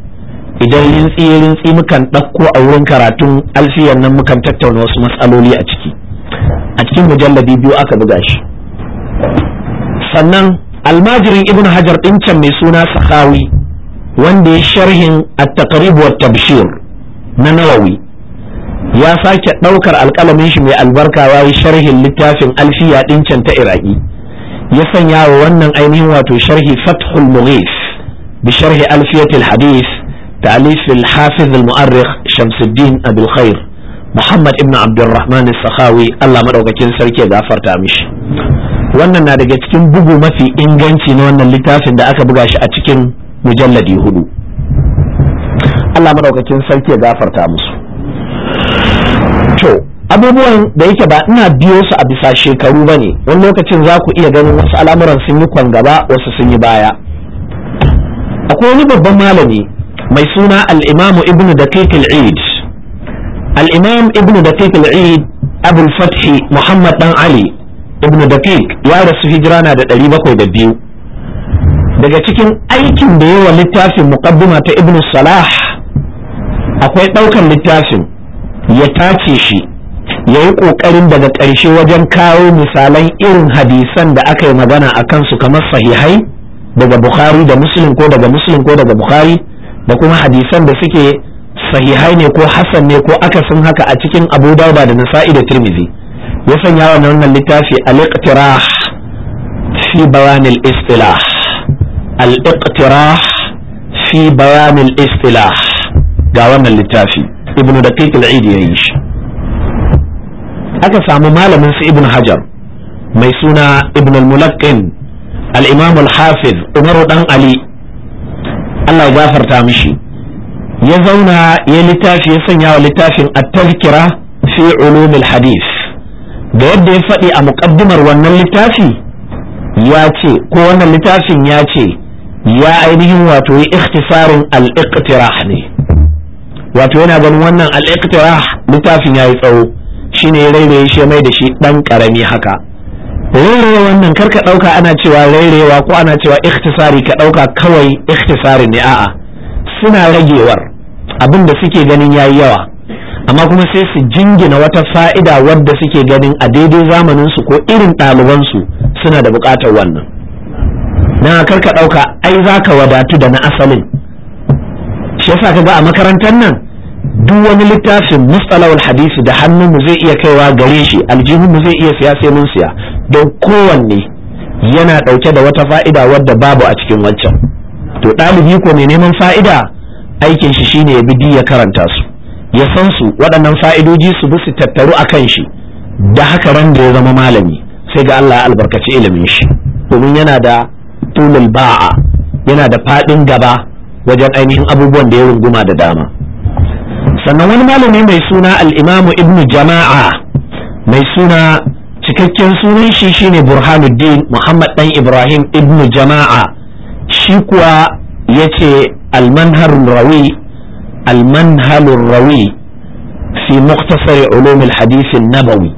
idan rintsi rintsi mukan ɗauko a wurin karatun alfiyar nan mukan tattauna wasu matsaloli a ciki a cikin mujallabi biyu aka buga shi sannan almajirin ibn hajar ɗincan mai suna sahawi wanda ya sharhin at-taqrib wa tabshir na nawawi ya sake ɗaukar alƙalamin shi mai albarka ya sharhin littafin alfiya ɗin can ta iraki ya sanya wa wannan ainihin wato sharhi fathul mughis bi sharhi alfiyatul hadith ta'alif al-hafiz al-mu'arrikh shamsuddin abul khair muhammad ibn abdurrahman as-sakhawi Allah madaukakin sarki ya gafarta mishi wannan na daga cikin bugu mafi inganci na wannan littafin da aka buga shi a cikin mujalladi hudu Allah madaukakin sarki ya gafarta musu to abubuwan da yake ba ina biyo su a bisa shekaru bane wani lokacin za ku iya ganin wasu al'amuran sun yi gaba wasu sun yi baya akwai wani babban malami mai suna al-imam ibnu daqiq al-eid al-imam ibnu daqiq al-eid abul fathi muhammad dan ali ibnu daqiq ya rasu hijira na da 702 daga cikin aikin da yawa littafin muqaddima ta ibn salah akwai ɗaukar littafin ya tace shi ya yi ƙoƙarin daga ƙarshe wajen kawo misalan irin hadisan da aka yi magana a kansu kamar sahihai daga bukhari da muslim ko daga muslim ko daga bukhari da kuma hadisan da suke sahihai ne ko hasan ne ko aka san haka a cikin abu dauda da nasa'i da tirmizi ya sanya wa wannan littafi al-iqtirah fi bayanil istilah al-iqtirah fi bayanin al-istilah ga wannan littafi ibn da al-eid yayi shi aka samu malamin su ibn hajar mai suna ibn al-mulaqqin al-imam al-hafiz umar dan ali Allah ya gafarta mishi ya zauna ya littafi ya sanya wa littafin at-tazkira fi ulum al-hadith da yadda ya faɗi a muƙaddimar wannan littafi ya ce ko wannan littafin ya ce ya ainihin wato yi ikhtisarin al ne wato yana ganin wannan al-iqtirah littafin yayi tsawo shine ya rairaye shi mai da shi ɗan karami haka rairaye wannan karka ɗauka ana cewa rairayewa ko ana cewa ikhtisari ka ɗauka kawai ikhtisari ne a'a suna ragewar abin da suke ganin yayi yawa amma kuma sai su jingina wata fa'ida wadda suke ganin a daidai zamaninsu ko irin ɗalibansu suna da buƙatar wannan na kar ka ɗauka ai za ka wadatu da na asalin shi yasa ka ga a makarantar nan duk wani littafin mustalawul hadisi da hannunmu zai iya kaiwa gare shi aljihunmu zai iya siya sai mun siya don kowanne yana ɗauke da wata fa'ida wadda babu a cikin wancan to ɗalibi ko mai neman fa'ida aikin shi shine ya bi ya karanta su ya san su waɗannan fa'idoji su bi su tattaru a kan shi da haka ran da ya zama malami sai ga Allah ya albarkaci ilimin shi domin yana da usulul ba'a yana da faɗin gaba wajen ainihin abubuwan da ya runguma da dama sannan wani malami mai suna al'imamu ibnu jama'a mai suna cikakken sunan shi shine burhanuddin muhammad dan ibrahim ibnu jama'a shi kuwa ya ce almanhar rawi almanhalur rawi fi muktasari ulumul hadisin nabawi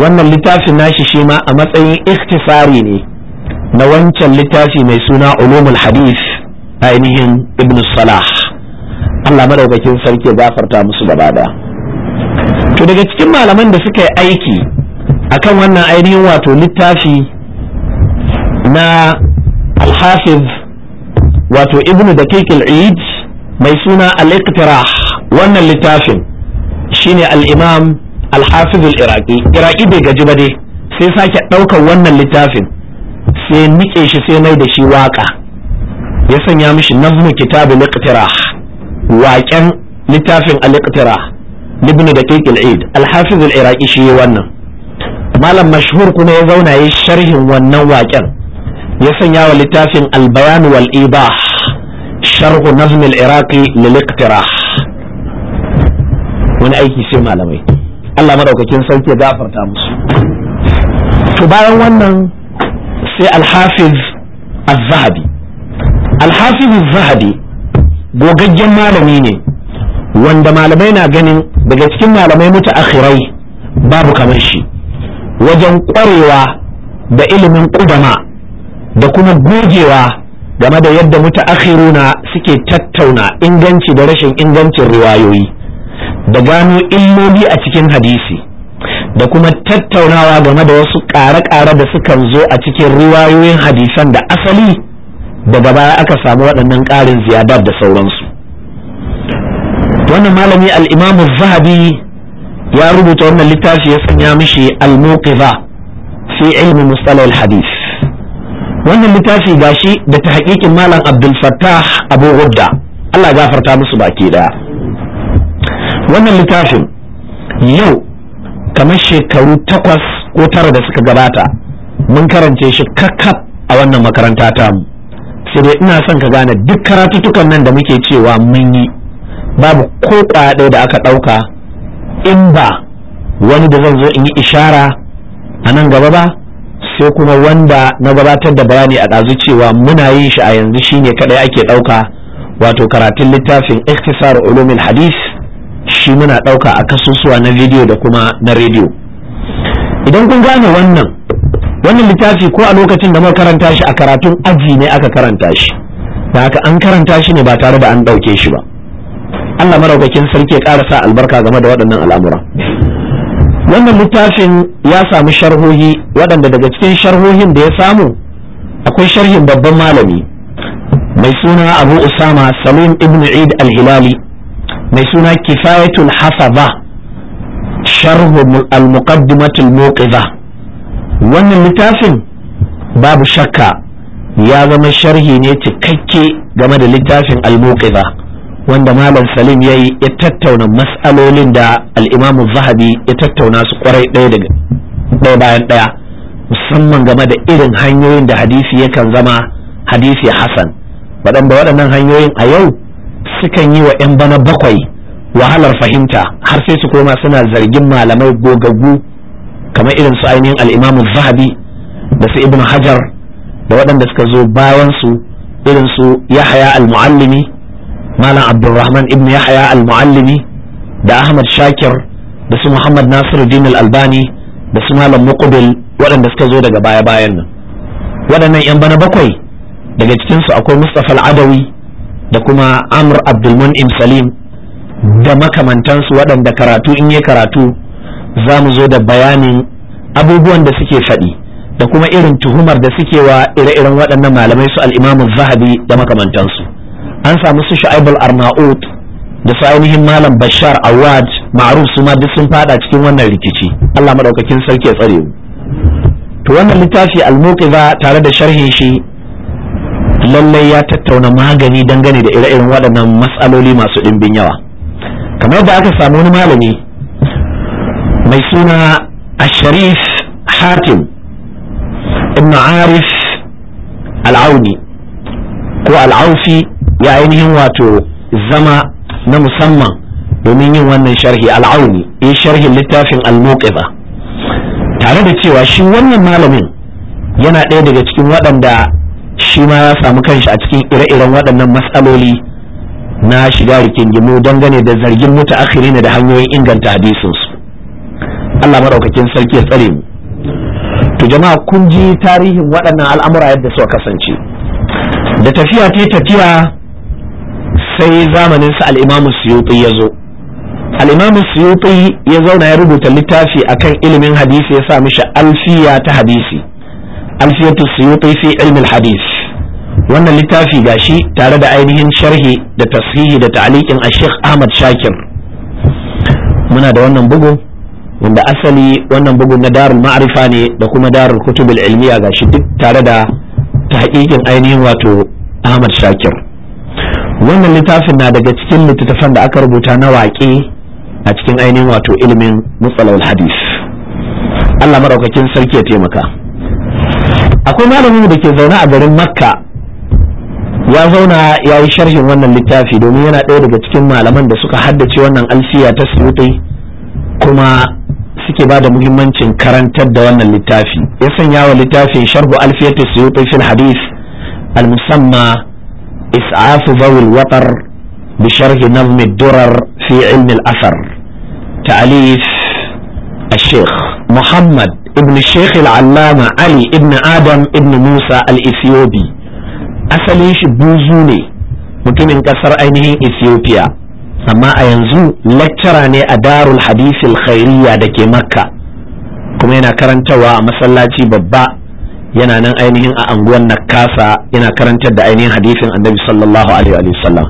wannan littafin nashi shi ma a matsayin ikhtisari ne na wancan littafi mai suna ulumul hadis ainihin ibn salah Allah madaukakin sarki gafarta musu gaba da to daga cikin malaman da suka yi aiki akan wannan ainihin wato littafi na alhafiz wato ibn daqiq al-eid mai suna al-iqtirah wannan littafin shine al-imam al-hafiz al-iraqi iraqi bai gaji ba dai sai sake ɗaukar wannan littafin sai nike shi sai mai da shi waka ya sanya mishi Nazmi kitabi al waken waƙen littafin al-iqtirah ibn daqiq al-eid al-hafiz al-iraqi shi wannan malam mashhur kuma ya zauna ya sharhin wannan waken ya sanya wa littafin al-bayan wal ibah sharh nazm al-iraqi wani aiki sai malamai Allah madaukakin sauke gafarta musu to bayan wannan sai alhafiz al-zahabi alhafiz al-zahabi gogaggen malami ne wanda malamai na ganin daga cikin malamai mutu akhirai babu kamar shi wajen kwarewa da ilimin ƙudama da kuma gogewa game da yadda mutu akhiruna suke tattauna inganci da rashin ingancin riwayoyi da gano illoli a cikin hadisi da kuma tattaunawa game da wasu ƙare-ƙare da sukan zo a cikin ruwayoyin hadisan da asali daga baya aka samu waɗannan ƙarin ziyadar da sauransu wannan malami al'imamu zahabi ya rubuta wannan littafi ya sanya mishi al-muqiza fi ilmi mustalah al-hadis wannan littafi gashi da ta hakikin malam abdul fattah abu gudda Allah gafarta musu baki daya wannan littafin yau kamar shekaru takwas ko tara da suka gabata mun karance shi kakkaf a wannan makaranta ta mu sai dai ina son ka gane duk karatutukan nan da muke cewa mun yi babu ko ɗaya da aka ɗauka in ba wani da zan zo in yi ishara a nan gaba ba sai kuma wanda na gabatar da bayani a ɗazu cewa muna yin shi a yanzu shine kaɗai ake ɗauka wato karatun littafin ikhtisar ulumul hadis shi muna ɗauka a kasusuwa na video da kuma na rediyo idan kun gane wannan wannan littafi ko a lokacin da muka karanta shi a karatun aji ne aka karanta shi da haka an karanta shi ne ba tare da an ɗauke shi ba Allah maraukakin sarki ya ƙara albarka game da waɗannan al'amura wannan littafin ya samu sharhohi waɗanda daga cikin sharhohin da ya samu akwai sharhin babban malami mai suna abu usama salim ibn eid al-hilali mai suna kifayatul hasaba sharhu al-muqaddimatul muqiza wannan littafin babu shakka ya zama sharhi ne cikakke game da littafin al-muqiza wanda malam salim yayi ya tattauna mas'alolin da al'imamu zahabi ya tattauna su kwarai daya daga bayan daya musamman game da irin hanyoyin da hadisi yakan zama hadisi hasan waɗanda waɗannan hanyoyin a yau sukan yi wa 'yan bana bakwai wahalar fahimta har sai su koma suna zargin malamai gogaggu kamar irin su ainihin al'imamu zahabi da su ibn hajar da waɗanda suka zo bayan su irin su yahaya al-muallimi malam abdulrahman ibn yahaya al-muallimi da ahmad shakir da su muhammad nasiruddin al-albani da su malam muqbil waɗanda suka zo daga baya-bayan nan waɗannan 'yan bana bakwai daga cikinsu akwai mustapha al-adawi da kuma amr abdulmun'im salim da makamantansu waɗanda karatu in yi karatu za mu zo da bayanin abubuwan da suke faɗi da kuma irin tuhumar da suke wa ire-iren waɗannan malamai su al'imamu zahabi da makamantansu an samu su sha'ibul arnaut da su ainihin malam bashar awad ma'aruf su ma duk sun fada cikin wannan rikici allah maɗaukakin sarki ya tsare mu to wannan littafi al tare da sharhin shi lallai ya tattauna magani dangane da ire-iren waɗannan matsaloli masu ɗimbin yawa kamar da aka samu wani malami mai suna asharif hatim ibn arif al'auni ko al'aufi ya ainihin wato zama na musamman domin yin wannan sharhi al'auni ya sharhin littafin al tare da cewa shi wannan malamin yana ɗaya daga cikin waɗanda shi ma ya samu kanshi a cikin ire-iren waɗannan matsaloli na shiga rikin don gane da zargin mutu akhiri da hanyoyin inganta hadisinsu Allah maɗaukakin sarki ya tsare mu to jama'a kun ji tarihin waɗannan al'amura yadda suka kasance da tafiya ta tafiya sai zamanin sa al-Imam Suyuti ya zo al-Imam Suyuti ya zauna ya rubuta littafi akan ilimin hadisi ya sa mishi alfiya ta hadisi alfiyatu suyuti fi ilmi hadis wannan littafi gashi tare da ainihin sharhi da tasihi da ta'alikin ashekh ahmad shakir muna da wannan bugu wanda asali wannan bugu na darul ma'arifa ne da kuma darul kutubul ilmiya gashi duk tare da tahqiqin ainihin wato ahmad shakir wannan littafin na daga cikin littattafan da aka rubuta na waƙe a cikin ainihin wato ilimin mutsalawul hadis Allah maɗaukakin sarki ya taimaka akwai malamin da ke zaune a garin makka ya zauna ya yi sharhin wannan littafi domin yana ɗaya daga cikin malaman da suka haddace wannan alfiya ta kuma suke ba da muhimmancin karantar da wannan littafi ya sanya wa littafin sharhu alfiyatu suyuti fil almusamma al-musamma is'afu zawil watar bi sharhi nazmi durar fi ilmi al-athar ta'alif الشيخ محمد ibn sheikh al'allama ali ibn adam ibn musa al-ethiopi asalin shi buzu ne mutumin ƙasar ainihin ethiopia amma a yanzu lecturer ne a darul hadisil khairiyya da ke makka kuma yana karantarwa a masallaci babba yana nan ainihin a anguwan nakasa yana karantar da ainihin hadisin annabi sallallahu alaihi wasallam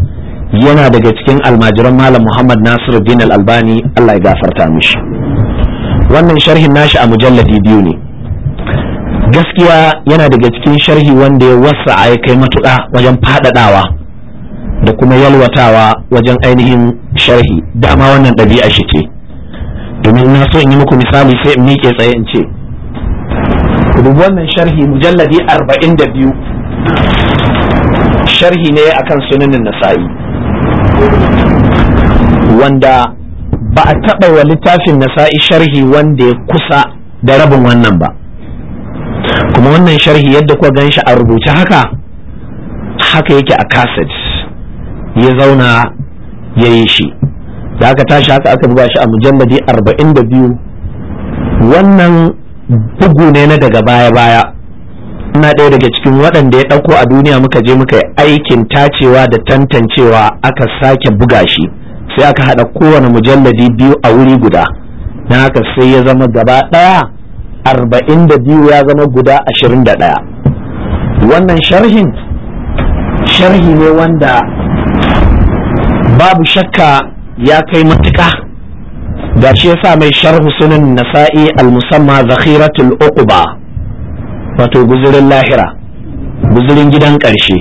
yana daga cikin almajiran malam muhammad nasiruddin al-albani allah ya gafarta mishi wannan sharhin nashi a mujalladi biyu ne gaskiya yana daga cikin sharhi wanda ya wasa ya kai matuƙa wajen faɗaɗawa da kuma yalwatawa wajen ainihin sharhi dama wannan ɗabi'a shi ce domin na so in yi muku misali sai in miƙe tsaye in ce wannan sharhi mujalladi arba'in da biyu sharhi ne akan sunanin nasa'i wanda ba a taɓa wa littafin na Sa'i sharhi wanda ya kusa da rabin wannan ba kuma wannan sharhi yadda kuwa gan shi a rubuce haka haka yake a kaset ya zauna ya yi shi da aka tashi haka aka buga shi a mujalladi biyu? wannan bugu ne na daga baya-baya ina ɗaya daga cikin waɗanda ya ɗauko a duniya muka je muka yi aikin tacewa da tantancewa aka sake buga shi sai aka haɗa kowane mujalladi biyu a wuri guda na haka sai ya zama gaba ɗaya arba'in da biyu ya zama guda ashirin da ɗaya wannan sharhin sharhi ne wanda babu shakka ya kai matuka da shi yasa mai sharhu sunan nasa'i al-musamma zakhiratul uquba wato guzurin lahira guzurin gidan ƙarshe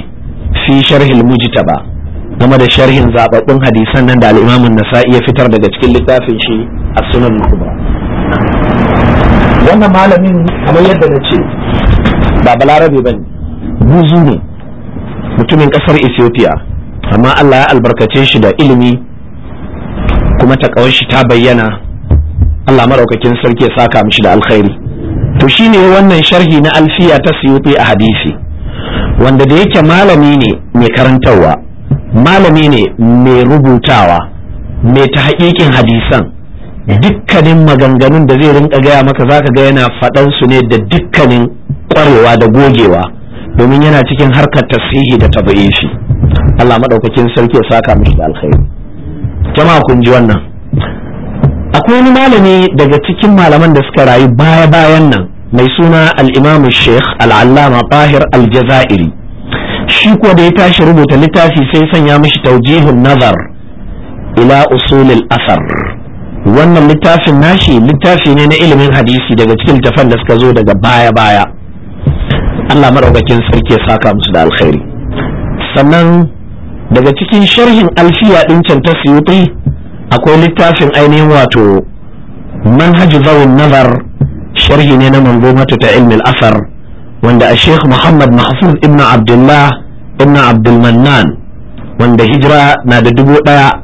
fi sharhil mujtaba game da sharhin zababbun hadisan nan da al'imamin nasa'i ya fitar daga cikin littafin shi a sunan kubra wannan malamin kamar yadda na ce ba balarabe ba ne buzu ne mutumin kasar ethiopia amma allah ya albarkace shi da ilimi kuma ta shi ta bayyana allah maraukakin sarki ya saka mishi da alkhairi to shine wannan sharhi na alfiya ta siyuti a hadisi wanda da yake malami ne mai karantarwa malami ne mai rubutawa mai ta haƙiƙin hadisan dukkanin maganganun da zai rinka gaya maka zaka ga yana faɗan su ne da dukkanin ƙwarewa da gogewa domin yana cikin harkar tasihi da tabi'in shi Allah maɗaukakin sarki ya saka mishi da alkhairi jama'a kun ji wannan akwai wani malami daga cikin malaman da suka rayu baya bayan nan mai suna al-imam sheikh al-allama tahir shi ko da ya tashi rubuta littafi sai sanya mashi taujihun nazar ila usulil asar wannan littafin nashi littafi ne na ilimin hadisi daga cikin littafan da suka zo daga baya baya Allah maɗaukakin sarki ya saka musu da alkhairi sannan daga cikin sharhin alfiya ɗin can ta suyuti akwai littafin ainihin wato manhaj zawun nazar sharhi ne na manzumatu ta ilmin asar wanda a sheikh muhammad mahfuz ibn abdullah ibn abdulmannan wanda hijira na da dubu daya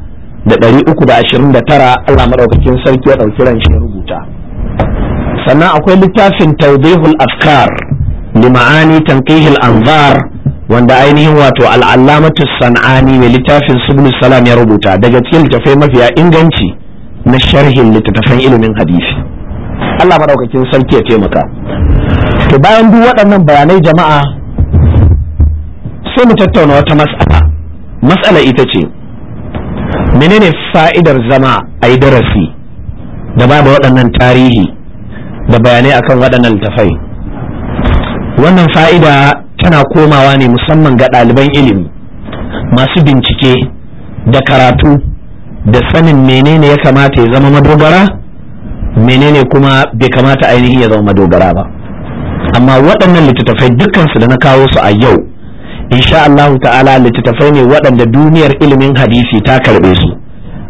da dari uku da ashirin da tara allah maɗaukakin sarki ya ɗauki ran shi rubuta sannan akwai littafin tawdihul afkar li ma'ani tanqihil anzar wanda ainihin wato al'allamatu san'ani mai littafin subul salam ya rubuta daga cikin littafai mafiya inganci na sharhin littattafan ilimin hadisi Allah madaukakin sarki ya taimaka to bayan duk waɗannan bayanai jama'a sai mu tattauna wata mas'ala mas'ala ita ce menene fa'idar zama a yi darasi da ba da waɗannan tarihi da bayanai akan waɗannan tafai wannan fa'ida tana komawa ne musamman ga ɗaliban ilimi masu bincike da karatu da sanin menene ya kamata ya zama madogara menene kuma bai kamata ainihin ya zama madogara ba amma waɗannan littattafai dukkansu da na kawo su a yau insha Allah ta'ala littattafai ne waɗanda duniyar ilimin hadisi ta karɓe su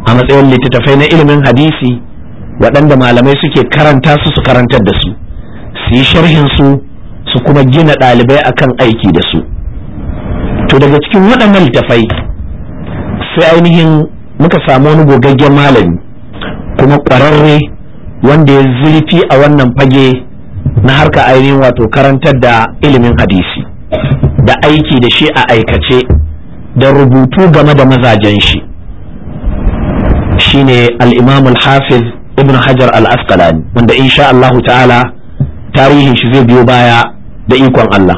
a matsayin littattafai na ilimin hadisi waɗanda malamai suke karanta su su karantar da su su yi sharhin su su kuma gina ɗalibai akan aiki da su to daga cikin waɗannan littattafai sai ainihin muka samu wani gogaggen malami kuma ƙwararre wanda ya zurfi a wannan fage na harka ainihin wato karantar da ilimin hadisi da aiki da shi a aikace da rubutu game da mazajen shi shine al hafiz ibn hajar al-asqalani wanda insha Allahu ta'ala tarihin shi zai biyo baya da ikon Allah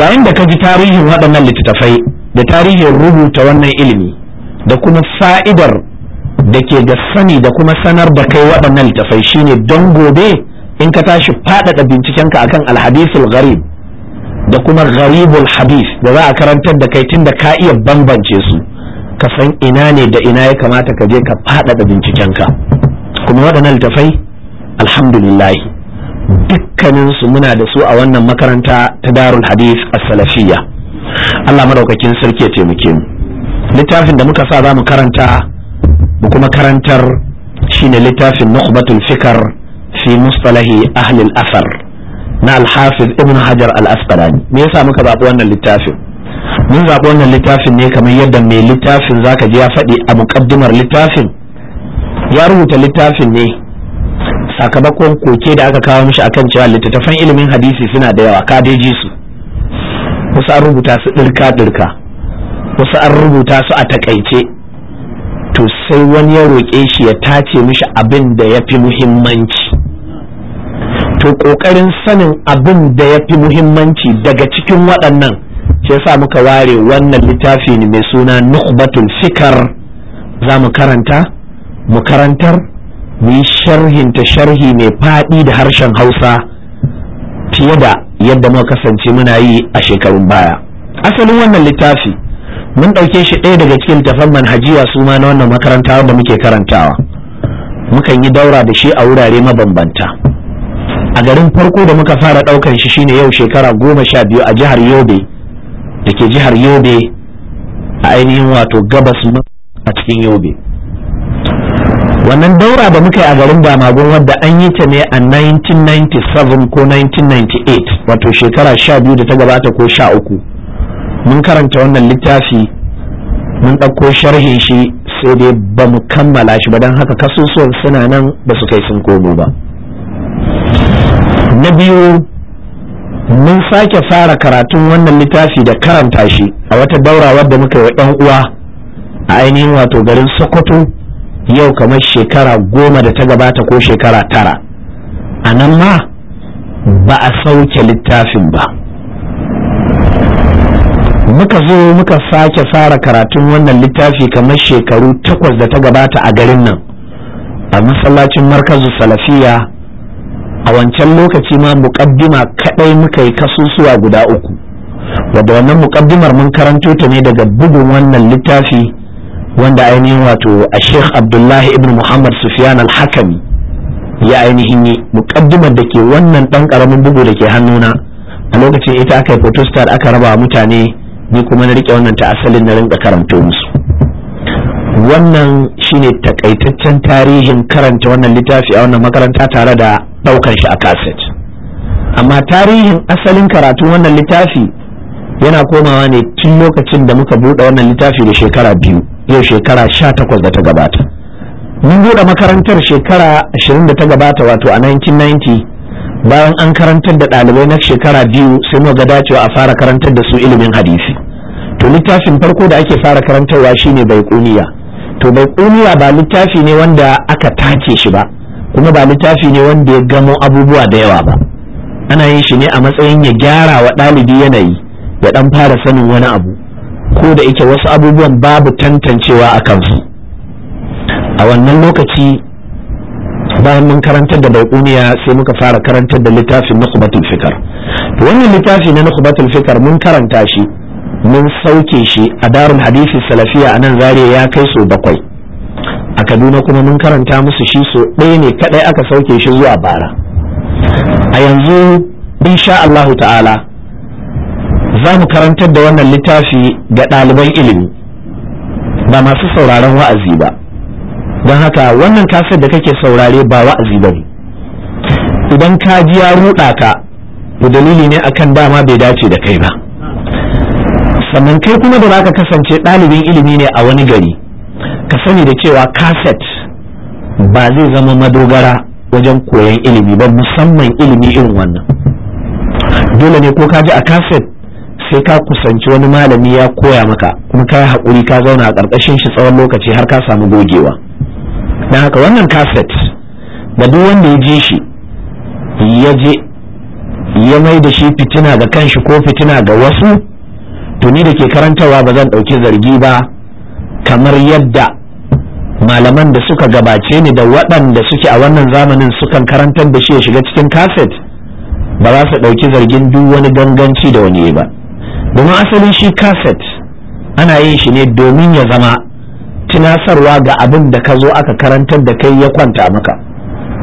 yayin da ka ji tarihin waɗannan littattafai da tarihin rubuta wannan ilimi da kuma fa'idar da ke da sani da kuma sanar da kai waɗannan littattafai shine don gobe in ka tashi faɗaɗa bincikenka akan alhadisul gharib da kuma gharibul hadis da za a karantar da kai tun da ka iya bambance su ka san ina ne da ina ya kamata ka je ka faɗaɗa bincikenka kuma waɗannan littafai alhamdulillah dukkaninsu muna da su a wannan makaranta ta darul hadis a salafiyya Allah madaukakin sarki ya taimake mu littafin da muka sa za mu karanta mu kuma karantar shine littafin nukhbatul fikar في mustalahi ahlil asar na alhafiz ibn hajar al-asqalani me yasa muka zaɓi wannan littafin mun zaɓi wannan littafin ne kamar yadda mai littafin zaka je ya faɗi a muƙaddimar littafin ya rubuta littafin sakamakon koke da aka kawo mishi akan cewa littattafan ilimin hadisi suna da yawa ka daji su wasu an rubuta su dirka dirka, wasu an rubuta su a takaice to sai wani ya roƙe shi ya tace mishi abin da ya fi muhimmanci to kokarin sanin abin da ya fi muhimmanci daga cikin waɗannan shi sa muka ware wannan littafi ne mai suna nukbatul fikar za mu karanta mu karantar mu yi sharhin ta sharhi mai faɗi da harshen hausa fiye da yadda muka kasance muna yi a shekarun baya asalin wannan littafi mun ɗauke shi ɗaya daga cikin littafan manhajiya su ma na wannan makaranta wanda muke karantawa mukan yi daura da shi a wurare mabambanta a garin farko da muka fara ɗaukan shi shine yau shekara goma sha biyu a jihar yobe da ke jihar yobe a ainihin wato gabas a cikin yobe wannan daura da muka yi a garin damagun wadda an yi ta ne a 1997 ko 1998 wato shekara sha biyu da ta gabata ko sha uku mun karanta wannan littafi mun ɗauko sharhin shi sai dai ba mu kammala shi ba don haka kasusuwan suna nan ba su kai sun komo ba na biyu mun sake fara karatun wannan littafi da karanta shi a wata daura wadda muka yi ɗan uwa a ainihin wato garin sokoto yau kamar shekara goma da ta gabata ko shekara tara a nan ma ba a sauke littafin ba muka zo muka sake fara karatun wannan littafi kamar shekaru takwas da ta gabata a garin nan a masallacin markazu salafiya a wancan lokaci ma muƙaddima kaɗai muka yi kasusuwa guda uku wadda wannan muƙaddimar mun karanto ta ne daga bugun wannan littafi wanda ainihin wato a sheikh abdullahi ibn muhammad sufyan al-hakami ya ainihin yi muƙaddimar da ke wannan ɗan ƙaramin bugu da ke hannuna a lokacin ita aka yi photostar aka raba mutane ni kuma na riƙe wannan ta asalin na rinka karanto musu wannan shine takaitaccen tarihin karanta wannan littafi a wannan makaranta tare da daukar shi a kaset amma tarihin asalin karatu wannan littafi yana komawa ne tun lokacin da muka buɗe wannan littafi da shekara biyu yau shekara sha takwas da ta gabata mun buɗe makarantar shekara ashirin da ta gabata wato a 1990 bayan an karantar da ɗalibai na shekara biyu sai muka dacewa a fara karantar da su ilimin hadisi to littafin farko da ake fara karantarwa shine bai to bai kuniya ba littafi ne wanda aka tace shi ba kuma ba littafi ne wanda ya gamo abubuwa da yawa ba ana yin shi ne a matsayin ya gyara wa ɗalibi yanayi ya ɗan fara sanin wani abu ko da ike wasu abubuwan babu tantancewa a kansu a wannan lokaci bayan mun karantar da bauƙuniya sai muka fara karantar da littafin na fikar wannan littafi na nukubatul fikar mun karanta shi mun sauke shi a darul hadisi salafiya a nan zariya ya kai so bakwai a kaduna kuma mun karanta musu shi so ɗaya ne kaɗai aka sauke shi zuwa bara a yanzu insha Allahu ta'ala za mu karantar da wannan littafi ga ɗaliban ilimi ba masu sauraron wa'azi ba don haka wannan kasar da kake saurare ba wa'azi ba ne idan ka ji ya ruɗa ka da dalili ne akan dama bai dace da kai ba sannan kai kuma da za ka kasance ɗalibin ilimi ne a wani gari ka sani da cewa kaset ba zai zama madogara wajen koyon ilimi ba musamman ilimi irin wannan dole ne ko ka ji a kaset sai ka kusanci wani malami ya koya maka kuma ka yi haƙuri ka zauna a ƙarƙashin shi tsawon lokaci har ka samu gogewa don haka wannan kaset da duk wanda ya je shi ya je ya mai da shi fitina ga kanshi ko fitina ga wasu to ni da ke karantawa ba zan ɗauki zargi ba kamar yadda malaman da suka gabace ni da waɗanda suke a wannan zamanin sukan karantar da shi ya shiga cikin kaset ba za su ɗauki zargin duk wani ganganci da wani ba domin asalin shi kaset ana yin shi ne domin ya zama tunasarwa ga abin da ka zo aka karantar da kai ya kwanta maka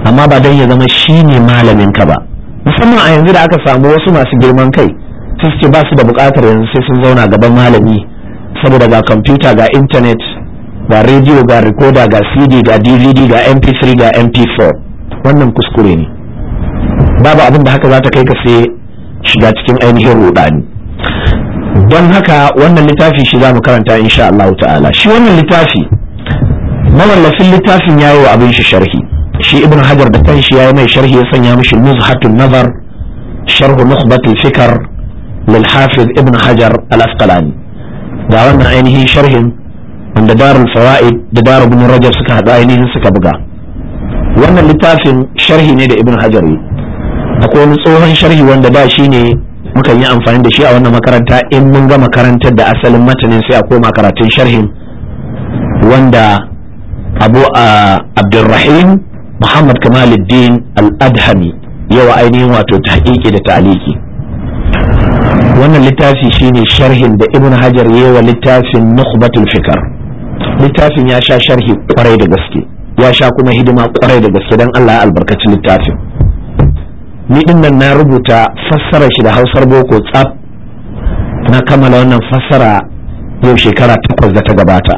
amma ba don ya zama shi ne malamin ka ba musamman a yanzu da aka samu wasu masu girman kai su suke ba su da bukatar yanzu sai sun zauna gaban malami saboda ga kwamfuta ga intanet ga rediyo ga rikoda ga cd ga dvd ga mp3 ga mp4 wannan kuskure ne babu abin da haka za ta kai ka sai shiga cikin ainihin rudani don haka wannan littafi shi za mu karanta insha Allah ta'ala shi wannan littafi mawallafin littafin ya yi wa abin shi sharhi shi ibn hajar da shi ya yi mai sharhi ya sanya mishi nuzhatun nazar sharhu nukhbatul fikar lil hafiz ibn hajar al-asqalani da wannan ainihin sharhin wanda darul fawaid da darul ibn rajab suka hada ainihin suka buga wannan littafin sharhi ne da ibn hajar akwai wani tsohon sharhi wanda da shi ne mukan yi amfani da shi a wannan makaranta in mun ga makarantar da asalin matanin sai a koma karatun sharhin wanda abu abdulrahim muhammad kamaluddin al-adhami yawa ainihin wato tahqiqi da ta'liki wannan littafi shine sharhin da ibn hajar yi wa littafin nukhbatul fikar littafin ya sha sharhi kwarai da gaske ya sha kuma hidima kwarai da gaske dan Allah ya albarkaci littafin ni din nan na rubuta fassara shi da Hausar boko tsaf na kammala wannan fassara yau shekara takwas da ta gabata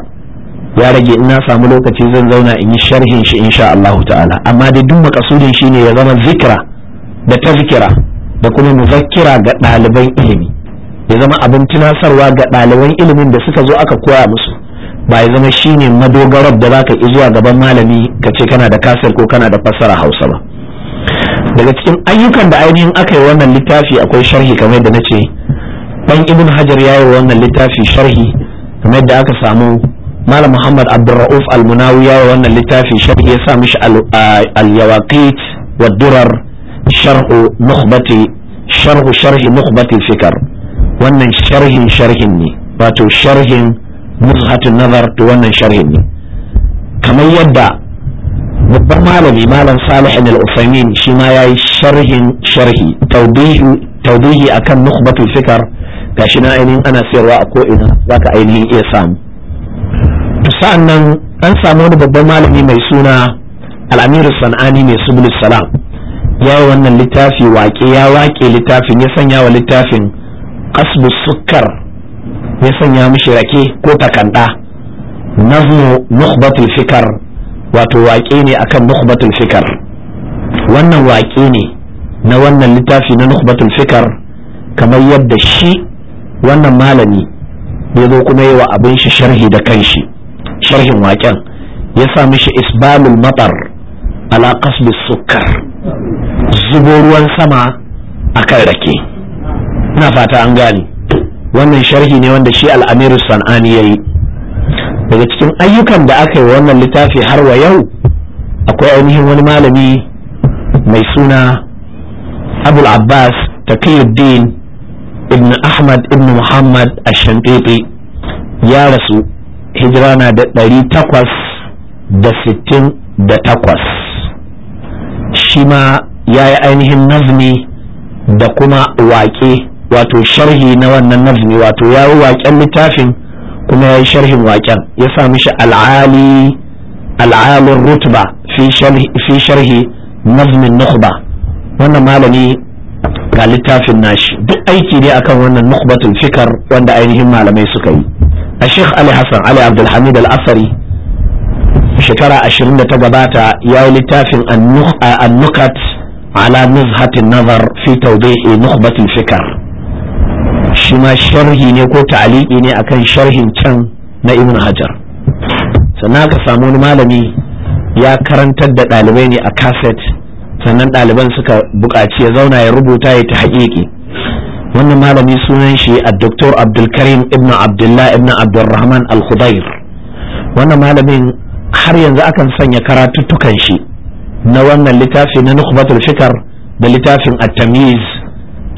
ya rage in na samu lokaci zan zauna in yi sharhin shi insha allahu ta'ala amma dai duk makasudin shine ya zama zikira da ta zikira da kuma muzakkira ga ɗaliban ilimi ya zama abin tunasarwa ga ɗaliban ilimin da suka zo aka koya musu ba ya zama shine madogarar da zaka yi zuwa gaban malami ka ce kana da kasir ko kana da fassara hausa ba daga cikin ayyukan da ainihin aka yi wannan littafi akwai sharhi kamar da na ce ban ibn hajar ya yi wannan littafi sharhi kamar da aka samu malam muhammad abdurrauf al-munawi ya yi wannan littafi sharhi ya sa mishi al-yawaqit wa durar sharhu nukhbati sharhu sharhi nukhbati fikar wannan sharhin sharhin ne wato sharhin nuzhatun nazar to wannan sharhin ne kamar yadda babban malami malam salih al usaimin shi ma yayi sharhin sharhi tawdihi tawdihi akan nukhbatul fikar gashi na ainihin ana sayarwa a ko'ina zaka ainihin iya samu sa'an nan an samu wani babban malami mai suna al'amiru san'ani mai subul salam ya wannan littafi waƙe ya waƙe littafin ya sanya wa littafin kasbu sukkar ya sanya mishi rake ko takanda nazmu nukhbatul fikar wato waƙe ne akan nukhbatul fikar wannan waƙe ne na wannan littafi na nukhbatul fikar kamar yadda shi wannan malami ya zo kuma yi wa abin shi sharhi da kanshi sharhin waƙen ya sa mishi isbalul matar ala kasbi sukkar zubo ruwan sama a akan rake ina fata an gane wannan sharhi ne wanda shi al'amiru san'ani ya yi daga cikin ayyukan da aka yi wannan littafi har wa yau akwai ainihin wani malami mai suna abul abbas taqiyuddin ibn ahmad ibn muhammad a ashantiti ya rasu hijira na da ɗari takwas da sittin da takwas shi ma ya yi ainihin nazmi da kuma waƙe wato sharhi na wannan nazmi wato ya yi waƙen littafin kuma ya yi sharhin waƙen ya sa mishi al'ali al'alin rutuba fi sharhi nazmin nukhba wannan malami ga littafin nashi duk aiki ne akan wannan nukhbatul fikar wanda ainihin malamai suka yi a sheikh ali hassan ali abdulhamid al-asari shekara ashirin da ta gabata ya yi littafin annukat ala nuzhatin nazar fi tawdi'i nukhbatil fikar shi ma sharhi ne ko ta'aliki ne akan sharhin can na ibn hajar sannan aka samu wani malami ya karantar da ɗalibai ne a kaset sannan ɗaliban suka buƙaci ya zauna ya rubuta ya ta haƙiƙi wannan malami sunan shi a doktor abdulkarim ibn abdullah ibn abdulrahman al-khudair wannan malamin har yanzu akan sanya karatuttukan shi na wannan littafi na nukhbatul fikar da littafin at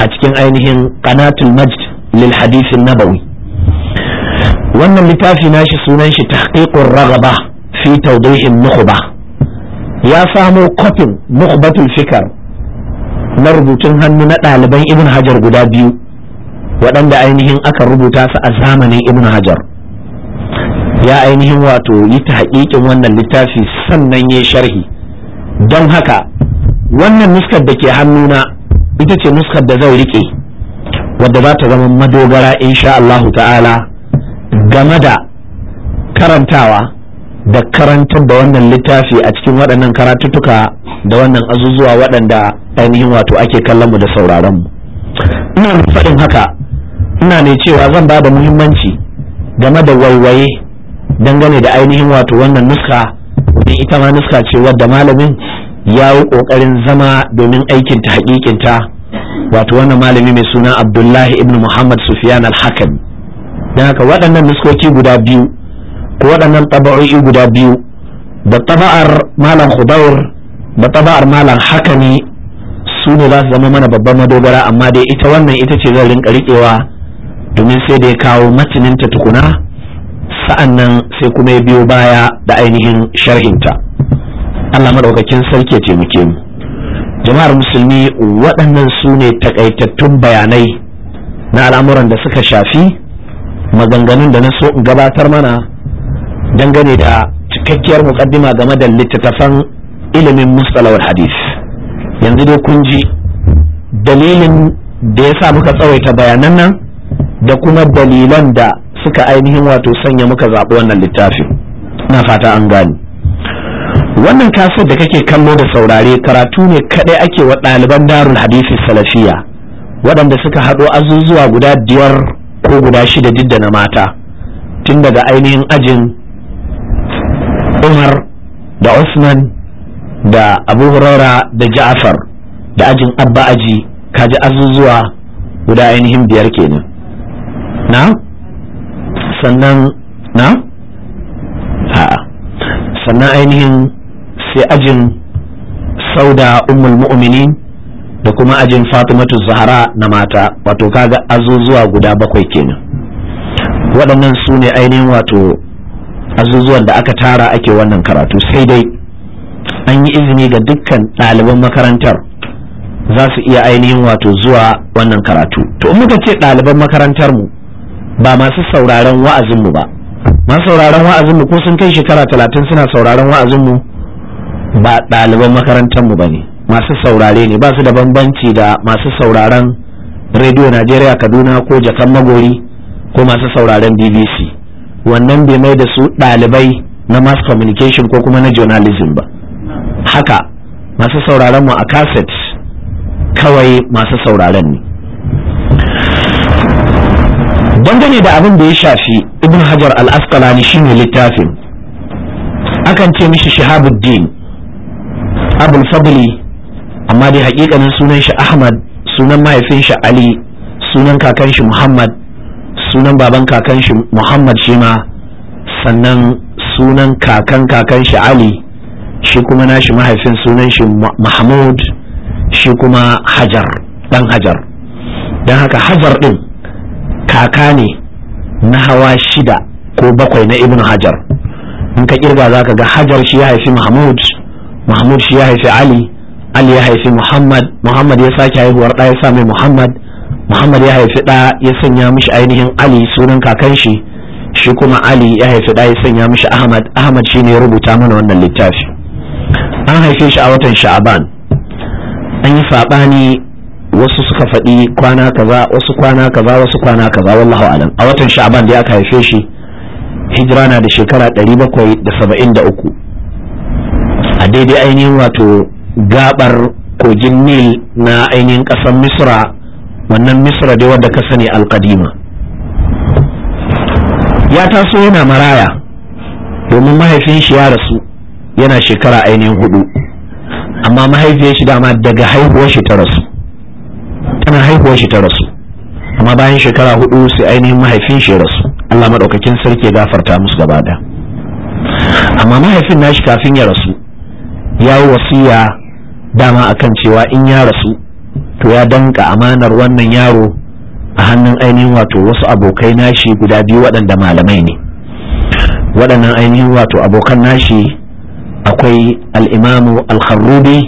a cikin ainihin qanatul majd lil hadith nabawi wannan littafi nashi sunan shi tahqiqur raghaba fi tawdihin nukhba ya samo kofin nukhbatul fikar na rubutun hannu na ɗaliban ibn hajar guda biyu waɗanda ainihin aka rubuta su a zamanin ibn hajar ya ainihin wato yi ta haƙiƙin wannan littafi sannan ya sharhi don haka wannan nuskar da ke hannuna ita ce nuskar da zai riƙe wadda za ta zama madogara in sha Allahu ta'ala game da karantawa da karantar da wannan littafi a cikin waɗannan karatuttuka da wannan azuzuwa waɗanda ainihin wato ake kallon mu da sauraron mu ina faɗin haka ina ne cewa zan ba da muhimmanci game da waiwaye dangane da ainihin wato wannan nuska wani ita ma nuska ce wadda malamin ya yi ƙoƙarin zama domin aikin ta hakikinta, wato wannan malami mai suna abdullahi ibn muhammad sufyan al-hakam don haka waɗannan nuskoki guda biyu ko waɗannan taba'o'i guda biyu da taba'ar malam hudaur da taba'ar malam ne, su ne za su zama mana babban madogara amma dai ita wannan ita ce zan rinka riƙewa domin sai da ya kawo matininta tukuna sa'an nan sai kuma ya biyo baya da ainihin sharhinta Allah madaukakin sarki ya muke mu jama'ar musulmi waɗannan su ne takaitattun bayanai na al'amuran da suka shafi maganganun da na so in gabatar mana dangane da cikakkiyar mukaddima game da littattafan ilimin mustalawar hadis yanzu dai kun ji dalilin da ya sa muka tsawaita bayanan nan da kuma dalilan da suka ainihin wato sanya muka zaɓi wannan littafi na fata an gani. wannan kasar da kake kallo da saurare karatu ne kaɗai ake wa ɗaliban darul hadisi salafiya waɗanda suka haɗo azuzuwa guda biyar ko guda shida didda na mata tun daga ainihin ajin umar da usman da abu hurara da ja'afar da ajin abba aji kaji azuzuwa guda ainihin biyar kenan na sannan na sannan ainihin sai ajin sauda ummul mu'minin da kuma ajin fatimatu zahara na mata wato kaga azuzuwa guda bakwai kenan waɗannan su ne ainihin wato azuzuwan da aka tara ake wannan karatu sai dai an yi izini ga dukkan ɗaliban makarantar za su iya ainihin wato zuwa wannan karatu to in muka ce ɗaliban makarantar mu ba masu sauraron wa'azinmu ba masu sauraron wa'azinmu ko sun kai shekara talatin suna sauraron wa'azinmu ba ɗaliban makarantarmu ba ne masu saurare ne ba su da bambanci da masu sauraron rediyo najeriya kaduna ko jakan magori ko masu sauraron bbc wannan bai mai da su ɗalibai na mass communication ko kuma na journalism ba haka masu sauraron mu a cassette kawai masu sauraron ne dangane da abin da ya shafi ibn hajar al-asqalani shine littafin akan ce mishi shihabuddin abul fadli amma dai hakikanin sunan shi ahmad sunan mahaifin shi ali sunan kakan shi muhammad sunan baban kakan shi muhammad shi ma sannan sunan kakan kakan shi ali shi kuma nashi mahaifin sunan shi mahmud shi kuma hajar dan hajar don haka hajar din kaka ne na hawa shida ko bakwai na ibn hajar in ka kirga za ka ga hajar shi ya haifi mahmud mahmud shi ya haifi ali ali ya haifi muhammad muhammad ya sake haihuwar ɗaya ya sa mai muhammad muhammad ya haifi ɗa ya sanya mishi ainihin ali sunan kakan shi shi kuma ali ya haifi ɗa ya sanya mishi ahmad ahmad shi ne ya rubuta mana wannan littafi an haife shi a watan sha'aban an yi saɓani wasu suka faɗi kwana kaza wasu kwana kaza wasu kwana kaza wallahu alam a watan sha'ban da aka haife shi hijira na da shekara 773 a daidai ainihin wato gabar kogin nil na ainihin ƙasar misra wannan misra dai wadda ka sani alƙadima ya taso yana maraya domin mahaifin shi ya rasu yana shekara ainihin hudu amma mahaifiyar shi dama daga haihuwar shi ta rasu tana haihuwar shi ta rasu amma bayan shekara hudu sai ainihin mahaifin shi rasu Allah madaukakin sarki ya gafarta musu gaba da amma mahaifin nashi kafin ya rasu ya yi wasiya dama akan cewa in ya rasu to ya danka amanar wannan yaro a hannun ainihin wato wasu abokai nashi guda biyu waɗanda malamai ne waɗannan ainihin wato abokan nashi akwai al'imamu al-kharrubi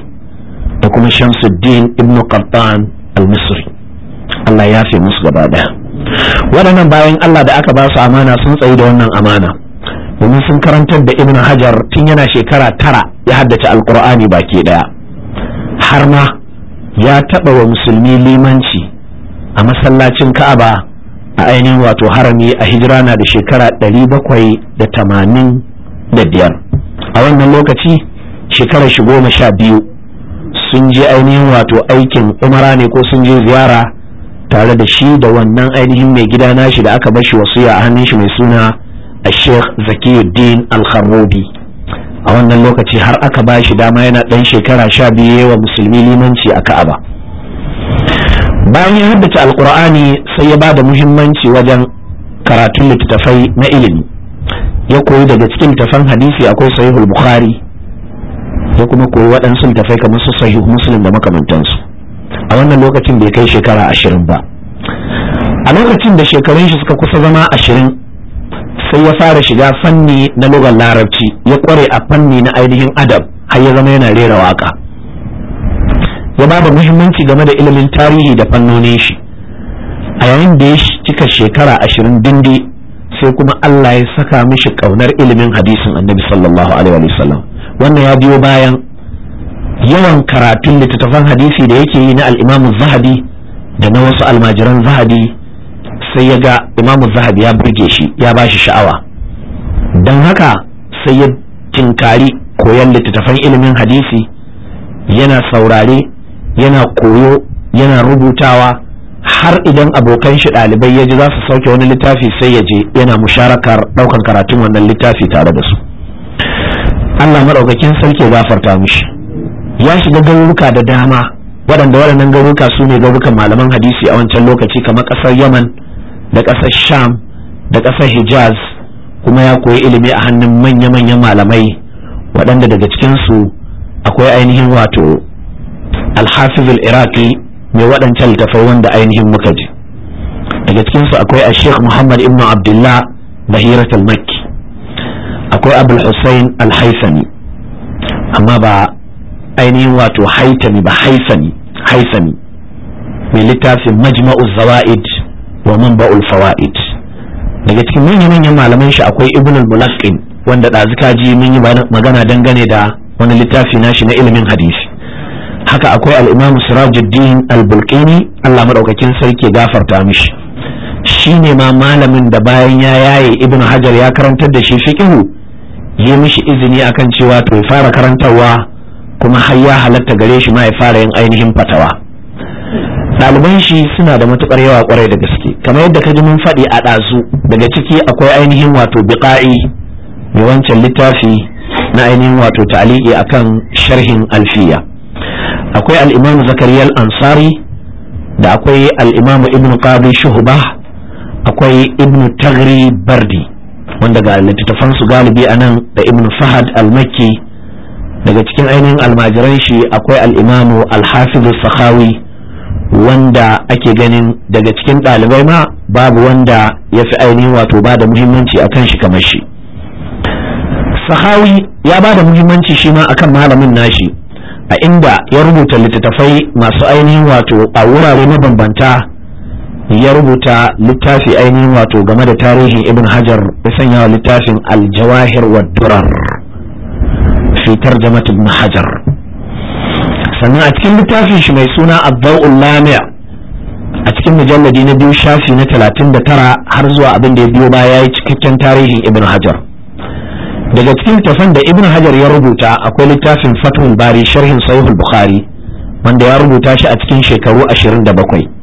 da kuma shamsuddin ibn qattan al Allah ya fi musu gaba daya waɗannan bayan Allah da aka ba su amana sun tsayi da wannan amana domin sun karantar da ibn hajar tun yana shekara tara ya haddace alkur'ani baki daya har ma ya taɓa wa musulmi limanci a masallacin ka'aba a ainihin wato harami a hijira na da shekara bakwai da tamanin da biyar. a wannan lokaci shekarar shi goma sha biyu sun je ainihin wato aikin umara ne ko sun je ziyara tare da shi da wannan ainihin mai gida nashi da aka bashi wasu a hannun shi mai suna a sheikh zakiyuddin al a wannan lokaci har aka ba shi dama yana ɗan shekara sha biyu wa musulmi limanci a ka'aba bayan ya haddace alkur'ani sai ya ba da muhimmanci wajen karatun littattafai na ilimi ya koyi daga cikin littattafan hadisi akwai sahihul bukhari ya kuma koyi waɗansu tafai kamar su sahih muslim da makamantansu a wannan lokacin bai kai shekara ashirin ba a lokacin da shekarun shi suka kusa zama ashirin sai ya fara shiga fanni na lugar larabci ya kware a fanni na ainihin adab har ya zama yana rera waka ya ba da muhimmanci game da ilimin tarihi da fannonin shi a yayin da ya cika shekara ashirin dindi sai kuma Allah ya saka mishi kaunar ilimin hadisin annabi sallallahu alaihi wasallam wannan ya biyo bayan yawan karatun littattafan hadisi da yake yi na al'imamu zahabi da na wasu almajiran zahabi sai ya ga imamu zahabi ya burge shi ya ba shi sha'awa don haka sai ya tinkari koyon littattafan ilimin hadisi yana saurare yana koyo yana rubutawa har idan abokan shi ɗalibai ya ji za su sauke wani littafi sai ya je yana musharakar ɗaukan karatun wannan littafi tare da su Allah maɗaukakin sarki gafarta mushi ya shiga garuruka da dama waɗanda waɗannan garuruka su ne garurukan malaman hadisi a wancan lokaci kamar ƙasar yaman da ƙasar sham da ƙasar hijaz kuma ya koyi ilimi a hannun manya-manyan malamai waɗanda daga cikinsu akwai ainihin wato alhafizul iraki mai waɗancan littafai wanda ainihin muka ji daga cikinsu akwai a sheikh muhammad ibn abdullah bahiratul makki akwai abul hussein al amma ba ainihin wato haitami ba haisami haisami mai littafin majma'u zawa'id wa manba'ul fawaid daga cikin manya-manyan malaman shi akwai ibn al wanda ɗazuka ji mun yi magana dangane da wani littafi nashi na ilimin hadisi haka akwai al-imam sirajuddin al-bulqini Allah madaukakin sarki gafarta mishi ne ma malamin da bayan ya yaye ibn hajar ya karantar da shi fiqhu yi mishi izini akan cewa to ya fara karantarwa kuma har ya halatta gare shi ma ya fara yin ainihin fatawa ɗaliban shi suna da matukar yawa kwarai da gaske kamar yadda ka ji mun faɗi a ɗazu daga ciki akwai ainihin wato biƙa'i mai wancan littafi na ainihin wato ta'aliki akan sharhin alfiya akwai al'imamu zakariya ansari da akwai al'imamu ibnu qadi shuhbah akwai ibnu tagri bardi wanda ga littattafan su galibi anan da ibn fahad al-makki daga cikin ainihin almajiran shi akwai al-imamu al-hafiz wanda ake ganin daga cikin ɗalibai ma babu wanda ya fi ainihin wato ba da muhimmanci kan shi kamar shi sahawi ya ba da muhimmanci shi ma akan malamin nashi a inda ya rubuta littattafai masu ainihin wato a wurare mabambanta ya rubuta littafi ainihin wato game da tarihin ibn hajar ya sanya wa littafin aljawahir wa durar fi tarjamat ibn hajar sannan a cikin littafin shi mai suna abdul lamia a cikin mujalladi na biyu shafi na talatin da tara har zuwa abin da ya biyo baya ya yi cikakken tarihin ibn hajar daga cikin tafan da ibn hajar ya rubuta akwai littafin fathul bari sharhin sahihul bukhari wanda ya rubuta shi a cikin shekaru ashirin da bakwai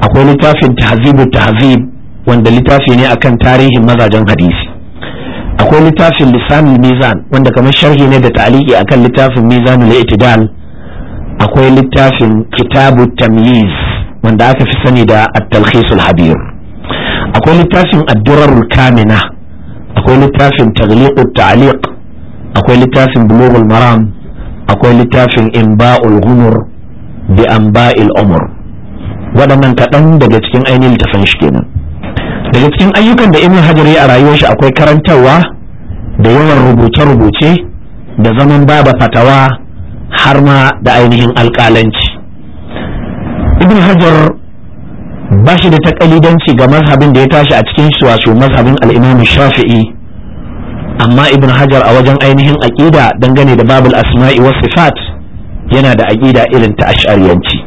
akwai littafin tahzibu tahzib wanda littafi ne akan tarihin mazajen hadisi akwai littafin lisanul mizan wanda kamar sharhi ne da ta'aliki akan littafin mizanul itidal akwai littafin kitabu tamyiz wanda aka fi sani da at-talkhisul habir akwai littafin ad-durarul kamina akwai littafin taghliqut ta'liq akwai littafin bulughul maram akwai littafin imba'ul ghumur bi anba'il umur waɗannan kaɗan daga cikin ainihin littafin shi kenan daga cikin ayyukan da ibn hajar a rayuwar shi akwai karantarwa da yawan rubuce-rubuce da zaman baba fatawa har ma da ainihin alƙalanci ibn hajar ba shi da takalidanci ga mazhabin da ya tashi a cikin shi wato mazhabin al'imamu shafi'i amma ibn hajar a wajen ainihin aƙida dangane da babul asma'i wa sifat yana da aƙida irin ta ash'ariyanci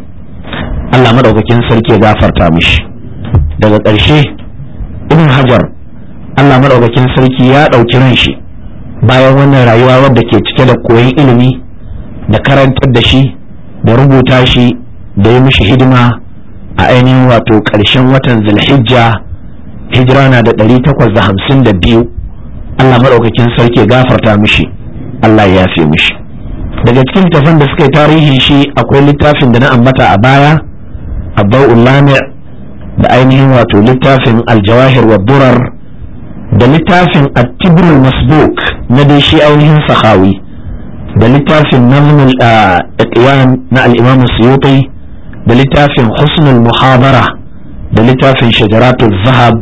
Allah madaukakin sarki ya gafarta mishi daga ƙarshe ibn hajar Allah madaukakin sarki ya ɗauki ran shi bayan wannan rayuwa wadda ke cike da koyon ilimi da karantar da shi da rubuta shi da yi mishi hidima a ainihin wato ƙarshen watan zulhijja hijira na da ɗari takwas da hamsin da biyu Allah Madaukakin sarki ya gafarta mishi Allah ya yafe mishi daga cikin tafan da suka yi tarihin shi akwai littafin da na ambata a baya abba'ul lami' da ainihin wato littafin aljawahir Waburar da littafin attibrul masbuk na dai shi ainihin sahawi da littafin namnul iqyan na al-imam suyuti da littafin husnul muhabara da littafin shajaratul zahab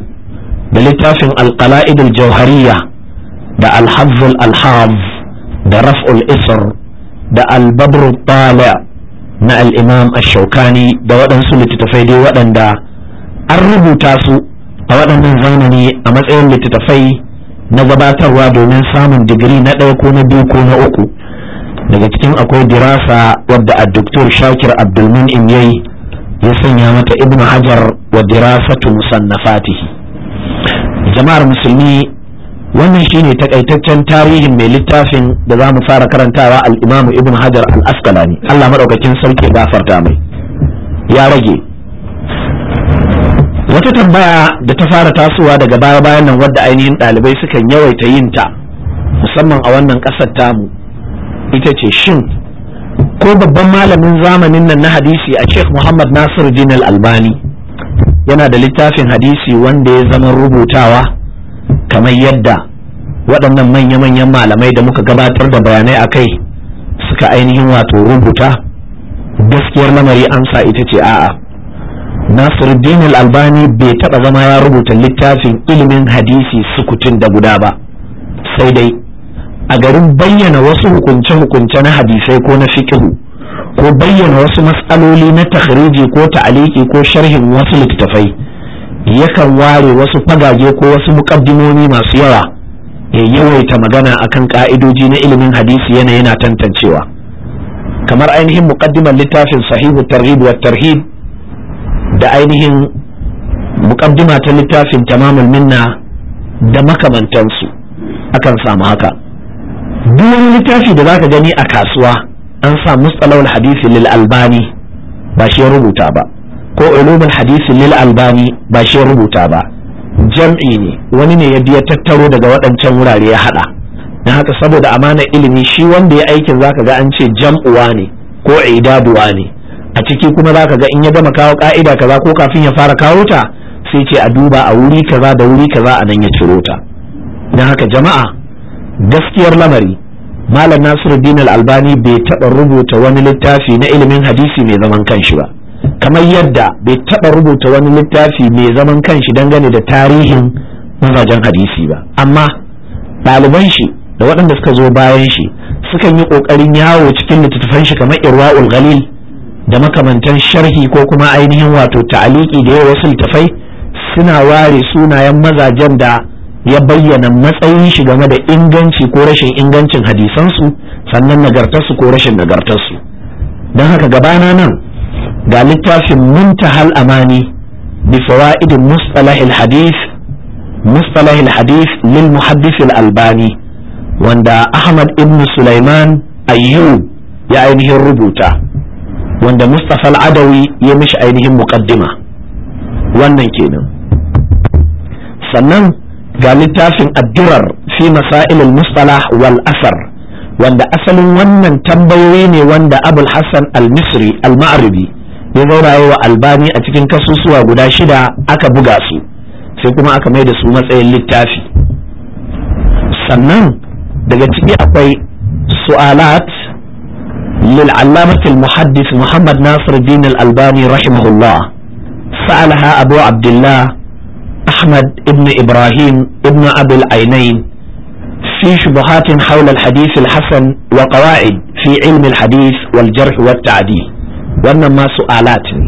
da littafin alqala'id al-jawhariyya da al-hazz al-alhaz da raf'ul isr da al-badr al-tali' na al'imam ashaukani da waɗansu littattafai dai waɗanda an rubuta su a waɗannan zamani a matsayin littattafai na gabatarwa domin samun digiri na ɗaya ko na biyu ko na uku daga cikin akwai dirasa wadda a doktor shakir abdulmun'im yayi ya sanya mata Ibn hajar wa dirasatu musannafatihi jama'ar musulmi wannan shine takaitaccen tarihin mai littafin da za mu fara karantawa Al'imamu ibn hajar al-asqalani Allah madaukakin sarki gafarta mai ya rage wata tambaya da ta fara tasowa daga baya bayan nan wadda ainihin ɗalibai suka yawaita yin ta musamman a wannan ƙasar tamu ita ce shin ko babban malamin zamanin nan na hadisi a sheikh muhammad nasiru din albani yana da littafin hadisi wanda ya zama rubutawa kamar yadda waɗannan manya-manyan malamai da muka gabatar da bayanai a kai suka ainihin wato rubuta gaskiyar lamari an sa ita ce a'a nasiruddin albani bai taɓa zama ya rubuta littafin ilimin hadisi sukutun da guda ba sai dai a garin bayyana wasu hukunce-hukunce na hadisai ko na fikihu ko bayyana wasu matsaloli na takhriji ko ta'aliki ko sharhin wasu littattafai yakan ware wasu fagage ko wasu muƙaddimomi masu yawa ya yawaita magana akan ka'idoji na ilimin hadisi yana yana tantancewa kamar ainihin muƙaddimar littafin sahihu tarhib wa tarhib da ainihin muƙaddima ta littafin tamamul minna da makamantansu akan samu haka duk wani littafi da zaka gani a kasuwa an sa mustalawul hadisi lil albani ba shi ya rubuta ba ko ulumul hadisi lil albani ba shi rubuta ba jam'i ne wani ne ya biya tattaro daga waɗancan wurare ya haɗa na haka saboda amana ilimi shi wanda ya aikin zaka ga an ce jam'uwa ne ko idabuwa ne a ciki kuma zaka ga in ya gama kawo ka'ida kaza ko kafin ya fara kawo ta sai ce a duba a wuri kaza da wuri kaza a nan ya ciro ta na haka jama'a gaskiyar lamari malam nasiruddin al-albani bai taɓa rubuta wani littafi na ilimin hadisi mai zaman kanshi ba kamar yadda bai taɓa rubuta wani littafi mai zaman kanshi dangane da tarihin mazajen hadisi ba amma ɗaliban shi da waɗanda suka zo bayan shi sukan yi ƙoƙarin yawo cikin littattafan shi kamar irwa'ul ghalil da makamantan sharhi ko kuma ainihin wato ta'aliki da yawa wasu littafai suna ware sunayen mazajen da ya bayyana matsayin shi game da inganci ko rashin ingancin hadisansu sannan nagartarsu ko rashin nagartarsu don haka gabana nan ga littafin muntahal amani bi fawaid mustalahil al hadith mustalah al hadith lil albani wanda ahmad ibn sulaiman ayyub ya ainihin rubuta wanda mustafa al adawi ya mishi ainihin muqaddima wannan kenan sannan ga littafin addurar fi masail mustalah wal asar wanda asalin wannan tambayoyi ne wanda abul hassan al-misri al-ma'aribi ya zauna yi wa albani a cikin kasusuwa guda shida aka buga su sai kuma aka mai da su matsayin littafi sannan daga ciki akwai su'alat lil allamatil muhaddis muhammad nasir din al-albani rahimahullah sa'alaha abu abdullah ahmad ibn ibrahim ibn abul ainain في شبهات حول الحديث الحسن وقواعد في علم الحديث والجرح والتعديل wannan ma alat ne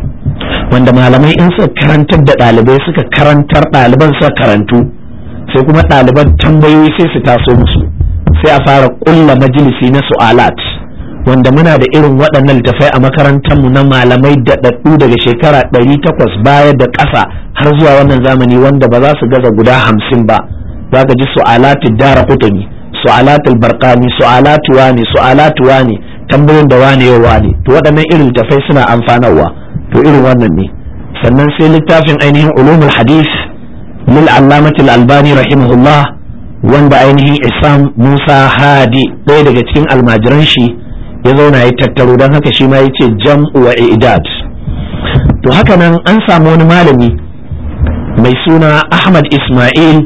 wanda malamai in suka karantar da ɗalibai suka karantar ɗaliban suka karantu sai kuma ɗaliban tambayoyi sai su taso musu sai a fara ƙulla majalisi na su alat wanda muna da irin waɗannan littafai a makarantarmu na malamai da ɗaɗɗu daga shekara ɗari takwas baya da ƙasa har zuwa wannan zamani wanda ba za su gaza guda hamsin ba za ka ji su alatu dara su alatu barkani su alatu wani alatu wani tambayoyin da wane yau wane to waɗannan irin tafai suna amfanarwa to irin wannan ne sannan sai littafin ainihin ulumul hadis lil allamatil albani rahimahullah wanda ainihin isam musa hadi ɗaya daga cikin almajiran shi ya zauna ya tattaro don haka shi ma ya ce jam'u wa idad to haka nan an samu wani malami mai suna ahmad ismail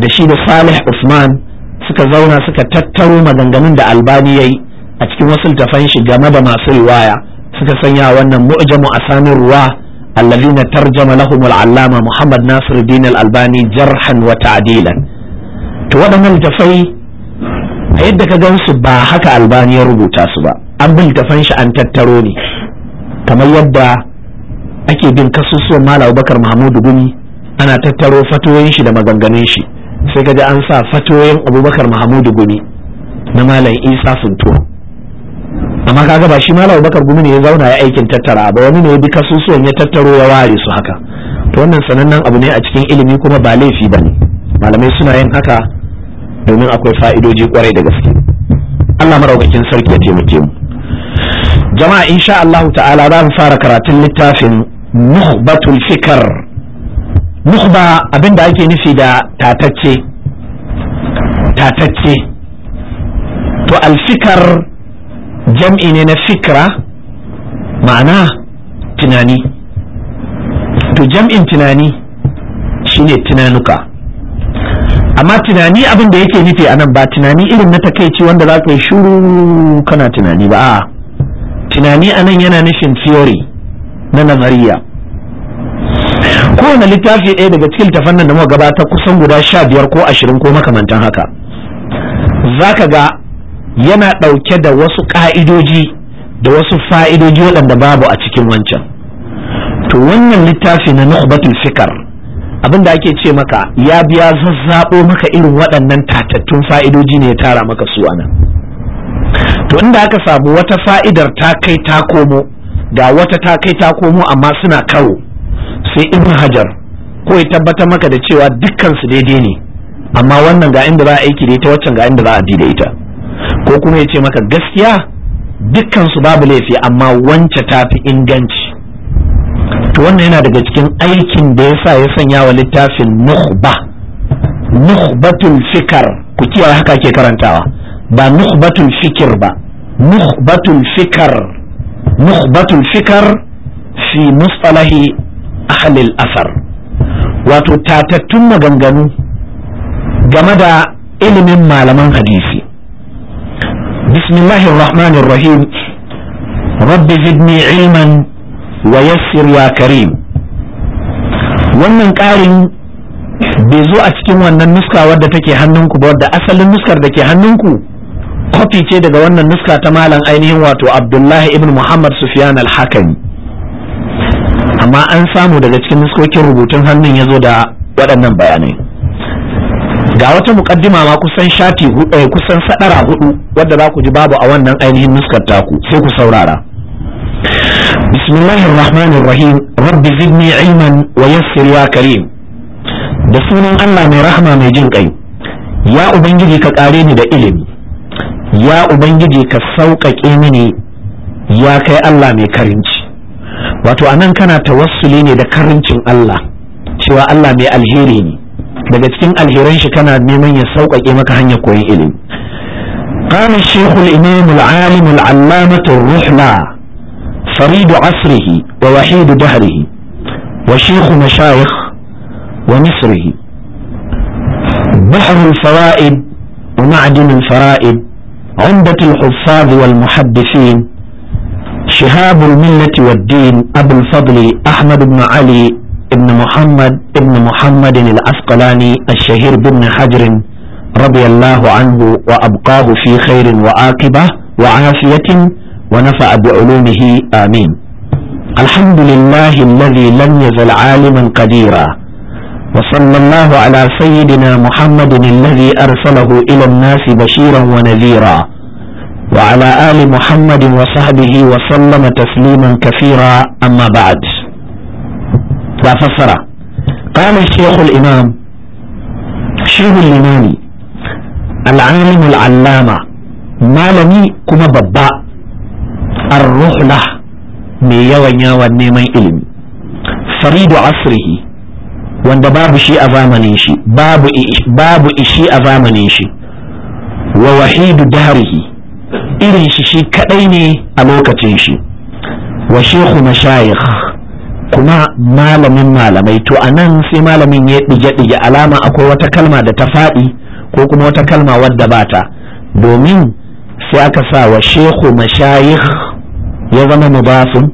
da shi da salih usman suka zauna suka tattaro maganganun da albani yayi a cikin wasu tafan shi game da masu riwaya suka sanya wannan mu'jamu asanin ruwa alladhina tarjama lahum al-allama Muhammad Nasiruddin al-Albani jarhan wa ta'dilan to waɗannan tafai a yadda ka gan su ba haka albani ya rubuta su ba an bin tafan shi an tattaro ne kamar yadda ake bin kasusuwan Malam Abubakar Mahmudu Gumi ana tattaro fatoyin shi da maganganun shi sai ka an sa fatoyin abubakar mahamudu gumi na malam isa funto amma kaga ba shi malam abubakar gumi ne ya zauna ya aikin tattara ba wani ne ya bi kasusuwan ya tattaro ya ware su haka to wannan sanannen abu ne a cikin ilimi kuma ba laifi ba ne malamai suna yin haka domin akwai fa'idoji kwarai da gaske allah maraukakin sarki ya taimake mu jama'a insha allahu ta'ala za mu fara karatun littafin muhbatul fikar musba abin da ake nufi da tatacce tatacce to alfikar jam'i ne na fikra ma'ana tunani to jam'in tunani shine tunanuka amma tunani abin da yake nufi anan ba tunani irin na takaici wanda za ka yi shuru kana tunani ba tunani anan yana nufin theory na nazariya kowane littafi ɗaya daga cikin tafannin da muka gabata kusan guda sha biyar ko ashirin ko makamantan haka za ka ga yana ɗauke da wasu ƙa'idoji da wasu fa'idoji waɗanda babu a cikin wancan to wannan littafi na nukbatul fikar abin da ake ce maka ya biya zazzaɓo maka irin waɗannan tatattun fa'idoji ne ya tara maka su anan to inda aka samu wata fa'idar ta kai ta komo ga wata ta kai ta komo amma suna karo sai ibn hajar ko ya tabbatar maka da cewa dukkan su daidai ne amma wannan ga inda za a aiki da ita waccan ga inda za a bi da ita ko kuma ya ce maka gaskiya dukkan su babu laifi amma wance ta fi inganci to wannan yana daga cikin aikin da ya sa ya sanya wa littafin nukhba nukhbatul fikar ku kiyaye haka ke karantawa ba nukhbatul fikir ba nukhbatul fikar nukhbatul fikar fi mustalahi ahlil asar wato tatattun maganganu game da ilimin malaman hadisi bismillahir rahmanir rahim rabbi zidni ilman wa yassir ya karim wannan ƙarin bai zo a cikin wannan nuska wadda take hannunku ba wadda asalin nuskar da ke hannunku kofi ce daga wannan nuska ta malam ainihin wato abdullahi ibn muhammad sufyan al-hakami amma an samu daga cikin nuskokin rubutun hannun ya zo da waɗannan bayanai ga wata mukaddima ma kusan shati eh, kusan sadara hudu wadda za ku ji babu a wannan ainihin nuskar taku sai ku saurara bismillahir rahmanir rahim rabbi zidni ilman wa yassir ya karim da sunan Allah mai rahama mai jin kai ya ubangiji ka kare ni da ilimi ya ubangiji ka sauƙaƙe mini ya kai Allah mai karinci wato anan kana tawassuli ne da karincin Allah cewa Allah mai alheri ne daga cikin alheran shi kana neman ya sauƙaƙe maka hanyar koyon ilimi قال الشيخ الإمام العالم العلامة الرحلة فريد عصره ووحيد دهره وشيخ مشايخ ومصره بحر الفوائد ومعدن الفرائد عمدة الحفاظ والمحدثين شهاب الملة والدين أبو الفضل أحمد بن علي بن محمد بن محمد الأسقلاني الشهير بن حجر رضي الله عنه وأبقاه في خير وعاقبة وعافية ونفع بعلومه آمين الحمد لله الذي لم يزل عالما قديرا وصلى الله على سيدنا محمد الذي أرسله إلى الناس بشيرا ونذيرا وعلى آل محمد وصحبه وسلم تسليما كثيرا أما بعد ففسر قال الشيخ الإمام شيخ الإمام العالم العلامة malami kuma babba ar-ruhla mai yawan yawan neman ilimi faridu asrihi wanda babu shi a zamanin shi babu babu ishi a zamanin shi wa wahidu dahrihi irin shi shi kadai ne a lokacin shi wa shehu mashayikh kuma malamin malamai to a nan sai malamin ya ɗige-ɗige alama akwai wata kalma da ta faɗi ko kuma wata kalma wadda ba ta domin sai aka sa wa shehu mashayikh ya zama mubafin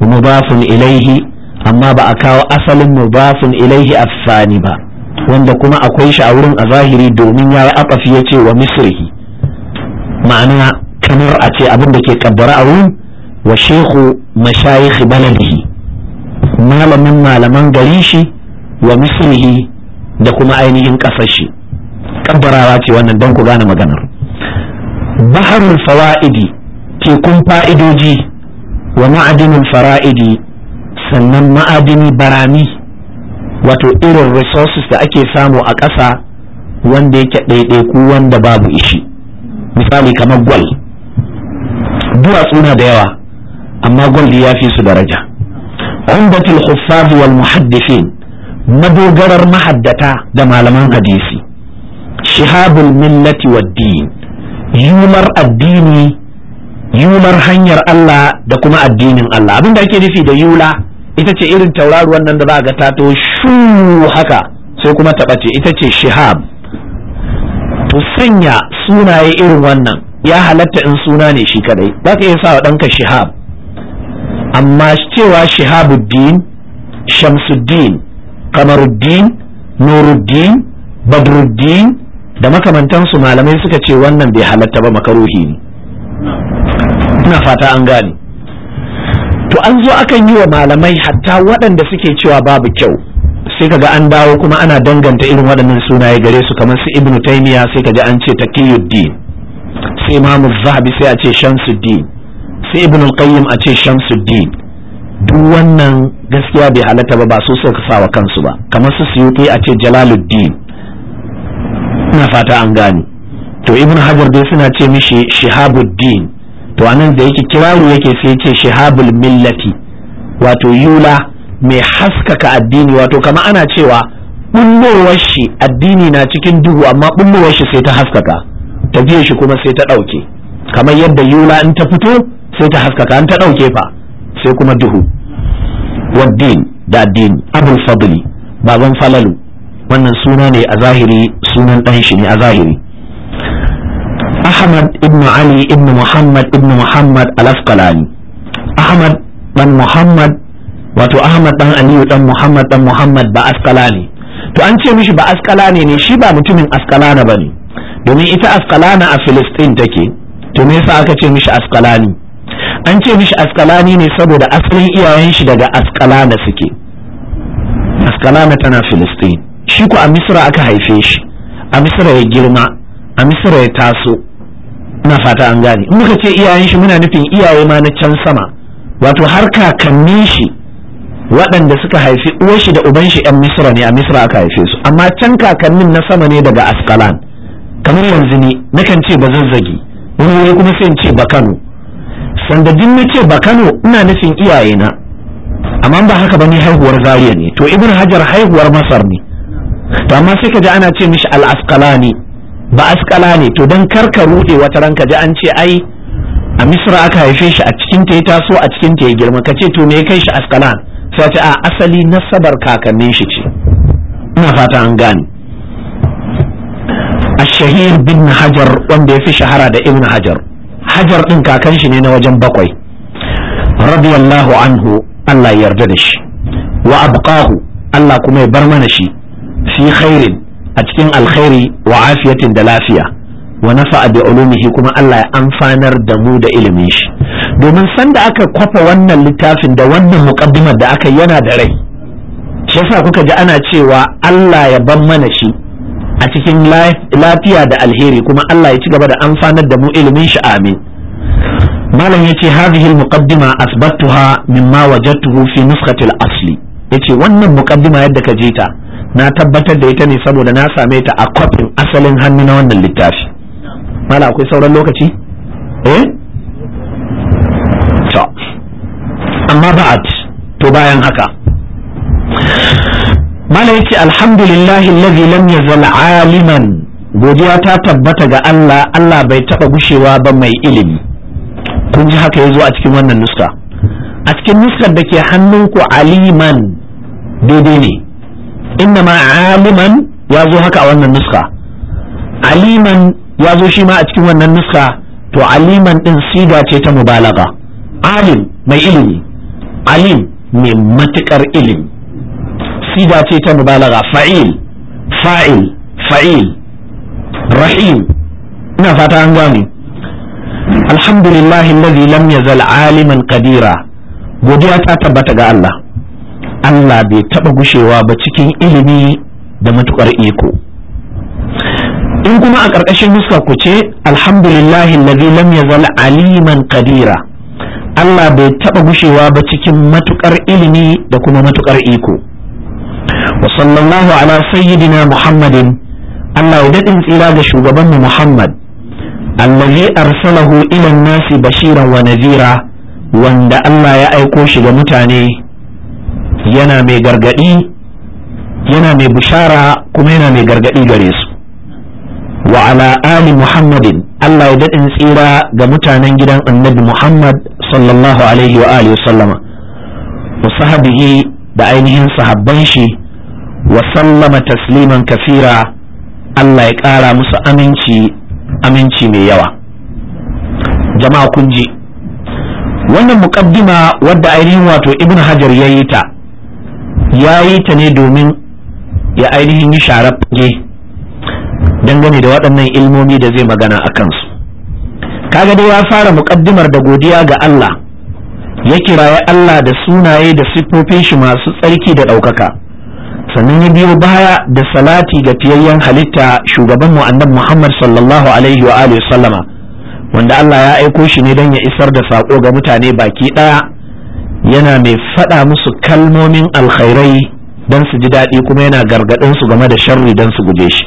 mubafin ilaihi amma ba a kawo asalin mubafin ilaihi afsani ba wanda kuma akwai shi a wurin a zahiri domin ya yi akafi ya ce wa misrihi ma'ana kamar a ce abin da ke kabbara a wurin wa shehu mashayikh balalihi malamin malaman gari shi wa mislihi da kuma ainihin kasar shi kabbarawa ce wannan don ku gane maganar baharul fawa'idi tekun fa'idoji wa ma'adinin fara'idi sannan ma'adini barami wato irin resources da ake samu a ƙasa wanda yake ɗaiɗaiku wanda babu ishi misali kamar gwal duwatsu na da yawa amma gold ya fi su daraja umdatul khuffazi wal muhaddithin madogarar mahaddata da malaman hadisi shihabul millati wad din yumar addini yumar hanyar Allah da kuma addinin Allah abinda ake nufi da yula ita ce irin tauraruwan nan da za ga to shu haka sai kuma ta ɓace ita ce shihab to sanya sunaye irin wannan ya halatta in suna ne shi kadai za ka iya sa wa ɗanka shihab amma cewa shihabuddin shamsuddin kamaruddin nuruddin badruddin da makamantansu malamai suka ce wannan bai halatta ba makaruhi ne ina fata an gane to an zo akan yi wa malamai hatta waɗanda suke cewa babu kyau sai kaga an dawo kuma ana danganta irin waɗannan sunaye gare su kamar su ibnu taimiya sai kaji an ce taqiyuddin su imamu zahabi sai a ce shamsuddin sai ibn al-qayyim a ce shamsuddin duk wannan gaskiya bai halatta ba ba su suka sa wa kansu ba kamar su suyuti a ce jalaluddin ina fata an gane to ibn hajar dai suna ce mishi shihabuddin to anan da yake kiraru yake sai ce shihabul millati wato yula mai haskaka addini wato kamar ana cewa bullowar shi addini na cikin duhu amma bullowar shi sai ta haskaka ta biye shi kuma sai ta ɗauke kamar yadda yula in ta fito sai ta haskaka in ta ɗauke fa sai kuma duhu waddin da addini abul fadli baban falalu wannan suna ne a zahiri sunan ɗan shi ne a zahiri ahmad ibn ali ibn muhammad ibn muhammad al-asqalani ahmad dan muhammad wato ahmad dan aliyu dan muhammad dan muhammad ba asqalani to an ce mishi ba asqalani ne shi ba mutumin ba ne. domin ita askalana a filistin take to me yasa aka ce mishi askalani an ce mishi askalani ne saboda asalin iyayen shi daga askalana suke askalana tana filistin shi ku a misra aka haife shi a misra ya girma a misra ya taso ina fata an gane in muka ce iyayen shi muna nufin iyaye ma na can sama wato har kakannin shi waɗanda suka haifi uwar shi da uban shi 'yan misra ne a misra aka haife su amma can kakannin na sama ne daga askalan kamar yanzu ne nakan ce ba zazzagi wani wani kuma sai in ce ba kano sanda din na ce ba kano ina nufin iyaye na amma ba haka ba ne haihuwar Zariya ne to ibn hajar haihuwar masar ne to amma sai ka ji ana ce mishi al'askala ne ba askala ne to dan karka rude wata ranka ji an ce ai a misra aka haife shi a cikin ta ya taso a cikin ta ya girma ce to me kai shi askala sai ta a asali nasabar kakannin shi ce ina fata an gane ashahir bin hajar wanda ya fi shahara da ibn hajar hajar ɗin kakan shi ne na wajen bakwai radiyallahu anhu Allah ya yarda da shi wa abqahu Allah kuma ya bar mana shi fi khairin a cikin alkhairi wa afiyatin da lafiya wa nafa'a bi ulumihi kuma Allah ya amfanar da mu da ilimin shi domin sanda aka kwafa wannan littafin da wannan muqaddimar da aka yana da rai shi kuka ji ana cewa Allah ya bar mana shi a cikin lafiya da alheri kuma Allah ya ci gaba da amfanar da mu ilimin shi amin malam yace hadhihi almuqaddima asbattuha mimma wajadtuhu fi nuskhati al-asli yace wannan muqaddima yadda ka ta na tabbatar da ita ne saboda na same ta a kwafin asalin hannu na wannan littafi malam akwai sauran lokaci eh to amma ba'at to bayan haka mana yake alhamdulillahi allazi lam yazal aliman godiya ta tabbata ga Allah Allah bai taba gushewa ba mai ilimi kun ji haka yazo a cikin wannan nuska a cikin nuskar da ke hannunku aliman daidai ne inna ma aliman ya haka a wannan nuska aliman ya shi ma a cikin wannan nuska to aliman din siga ce ta mubalaga alim mai ilimi alim mai matukar ilimi siga ce ta mubalaga fa'il fa'il fa'il rahim ina fata an gane alhamdulillah alladhi lam yazal aliman qadira godiya ta tabbata ga Allah Allah bai taba gushewa ba cikin ilimi da matukar iko in kuma a ƙarƙashin nuska ku ce alhamdulillahi alladhi lam yazal aliman qadira Allah bai taba gushewa ba cikin matukar ilimi da kuma matukar iko wa sallallahu ala sayyidina muhammadin Allah ya daɗin tsira ga shugabanmu muhammad allazi arsalahu ilan nasi bashiran wa nazira wanda Allah ya aiko shi ga mutane yana mai gargaɗi yana mai bushara kuma yana mai gargaɗi gare su wa ala ali muhammadin Allah ya daɗin tsira ga mutanen gidan annabi muhammad sallallahu alaihi wa alihi sallama wa sahabihi da ainihin sahabban shi wa sallama tasliman kasira Allah ya ƙara musu aminci aminci mai yawa jama'a kun ji wannan muqaddima wadda ainihin wato ibn hajar ya yi ta ya ta ne domin ya ainihin yi sharar fage dangane da waɗannan ilmomi da zai magana a kansu kaga dai ya fara muƙaddimar da godiya ga Allah ya kiraye Allah da sunaye da siffofin shi masu tsarki da ɗaukaka sannan ya biyo baya da salati ga tiyayyen halitta shugaban mu annabi Muhammad sallallahu alaihi wa alihi sallama wanda Allah ya aiko shi ne don ya isar da sako ga mutane baki ɗaya yana mai faɗa musu kalmomin alkhairai don su ji daɗi kuma yana gargaɗin su game da sharri don su guje shi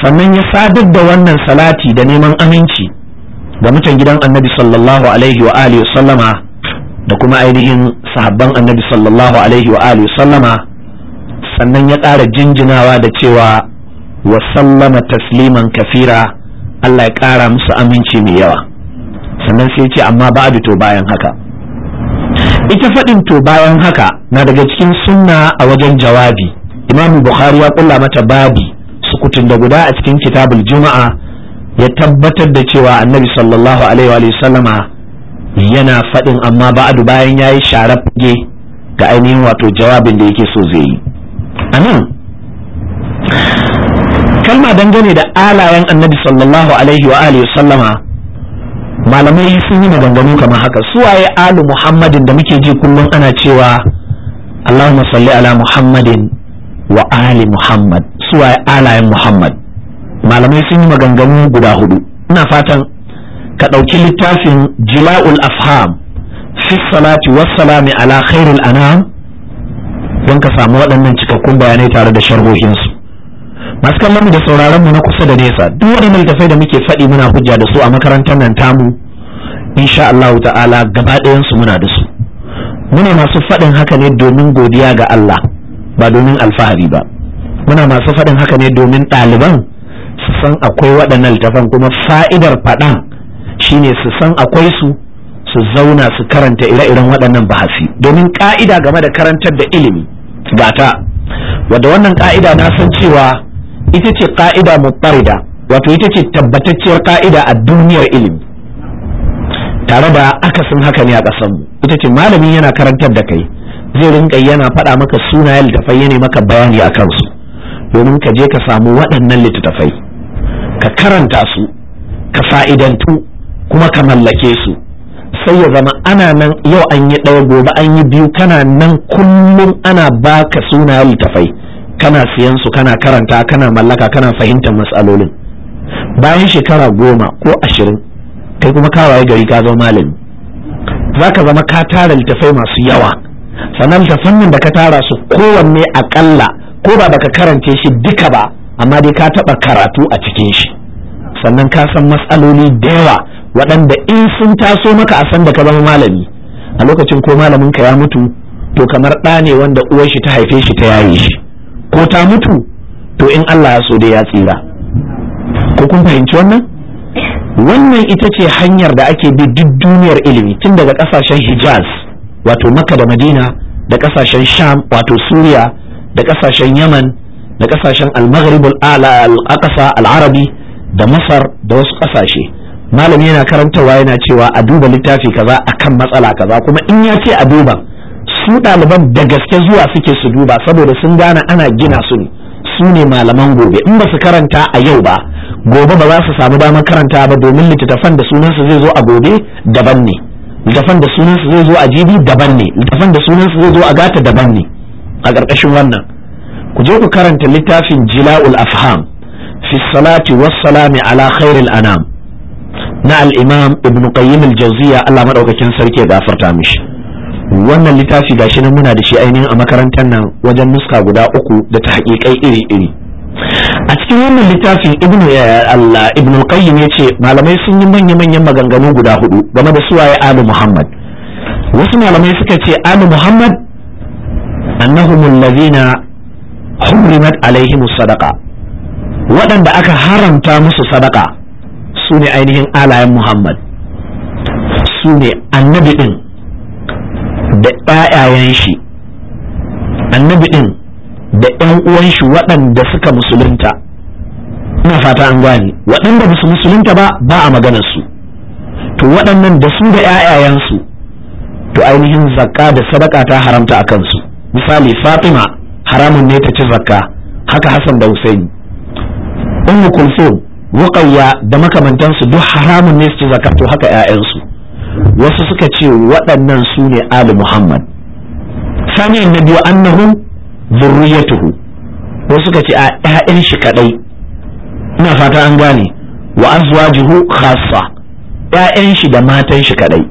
sannan ya sadar da wannan salati da neman aminci Da mutan gidan annabi sallallahu alaihi wa alihi sallama da kuma ainihin sahabban annabi sallallahu alaihi wa alihi sallama sannan ya ƙara jinjinawa da cewa wa sallama tasliman kafira Allah ya ƙara musu aminci mai yawa sannan sai ce amma ba to bayan haka ita faɗin to bayan haka na daga cikin sunna a wajen jawabi imamu bukhari ya kulla mata babi sukutun da guda a cikin kitabul juma'a ya tabbatar da cewa annabi sallallahu alaihi wa sallama yana faɗin amma ba'adu bayan ya yi share fage ga ainihin wato jawabin da yake so zai yi anan kalma dangane da alayen annabi sallallahu alaihi wa alihi sallama malamai sun yi maganganu kamar haka suwaye alu muhammadin da muke ji kullum ana cewa allahumma salli ala muhammadin wa ali muhammad suwaye alayen muhammad malamai sun yi maganganu guda hudu ina fatan ka ɗauki littafin jila'ul afham fi salati wassalami ala khairul anam don ka samu waɗannan cikakkun bayanai tare da sharhohinsu masu kallon mu da sauraron mu na kusa da nesa duk waɗannan littafai da muke faɗi muna hujja da su a makarantar nan tamu insha Allah ta'ala gaba ɗayan su muna da su muna masu faɗin haka ne domin godiya ga Allah ba domin alfahari ba muna masu faɗin haka ne domin ɗaliban su san akwai waɗannan littafan kuma fa'idar faɗan shine su san akwai su su zauna su karanta ire-iren waɗannan bahasi domin ƙa'ida game da karantar da ilimi ta wadda wannan ƙa'ida na san cewa ita ce ƙa'ida mutarida wato ita ce tabbatacciyar ƙa'ida a duniyar ilimi tare da akasin haka ne a ƙasanmu ita ce malami yana karantar da kai zai rinka yana faɗa maka sunayen littattafai yana maka bayani a kansu domin ka je ka samu waɗannan littattafai ka karanta su ka fa'idantu kuma ka mallake su sai ya zama ana nan yau an yi ɗaya gobe an yi biyu kana nan kullum ana ba ka suna littafai kana siyan su kana karanta kana mallaka kana fahimtar matsalolin bayan shekara goma ko ashirin kai kuma kawaye gari ka zama malami za ka zama ka tara littafai masu yawa sannan littafan nan da ka tara su kowanne akalla ko ba baka karance shi duka ba amma dai ka taɓa karatu a cikin shi sannan ka san matsaloli da yawa waɗanda in sun taso maka a san da ka zama malami a lokacin ko malamin ka ya mutu to kamar ɗa ne wanda uwar shi ta haife shi ta yaye shi ko ta mutu to in Allah ya so dai ya tsira ko kun fahimci wannan wannan ita ce hanyar da ake bi duk duniyar ilimi tun daga ƙasashen hijaz wato makka da madina da ƙasashen sham wato suriya da ƙasashen yaman Da kasashen al-maghrib al-aqsa al-arabi da masar da wasu kasashe malami yana karantawa yana cewa a duba littafi kaza akan matsala kaza kuma in ya ce a duba su ɗaliban da gaske zuwa suke su duba saboda sun gane ana gina su ne su ne malaman gobe in ba su karanta a yau ba gobe ba za su samu damar karanta ba domin littattafan da sunansu zai zo a gobe daban ne littattafan da sunansu zai zo a jibi daban ne littattafan da sunansu zai zo a gata daban ne a ƙarƙashin wannan ku je ku karanta littafin jila'ul afham fi salati wassalami ala khairil anam na al-imam ibn qayyim al-jawziya Allah madaukakin sarki ya gafarta mishi wannan littafi gashi nan muna da shi ainihin a makarantar nan wajen nuska guda uku da ta haƙiƙai iri-iri a cikin wannan littafin ibn Allah ibn qayyim yace malamai sun yi manya-manyan maganganu guda hudu game da suwaye Ali Muhammad wasu malamai suka ce Ali Muhammad annahum Ladina. hurrimat alaihim Sadaqa waɗanda aka haramta musu sadaka su ne ainihin alayen muhammad su ne annabi ɗin da ƴaƴayen shi annabi ɗin da ƴan uwan shi waɗanda suka musulunta ina fata an gani waɗanda ba su musulunta ba ba a maganar su to waɗannan da su da ƴaƴayensu to ainihin zakka da sadaka ta haramta a kansu misali fatima haramun ne ta ci zakka haka Hassan da Husaini ummu kulsum ruqayya da makamantansu duk haramun ne su ci zakka to haka ƴaƴansu wasu suka ce waɗannan su ne ali Muhammad sani na biyu annahu zurriyatuhu wasu suka ce a ƴaƴan shi kadai ina fata an gane wa azwajuhu khassa ƴaƴan shi da matan shi kadai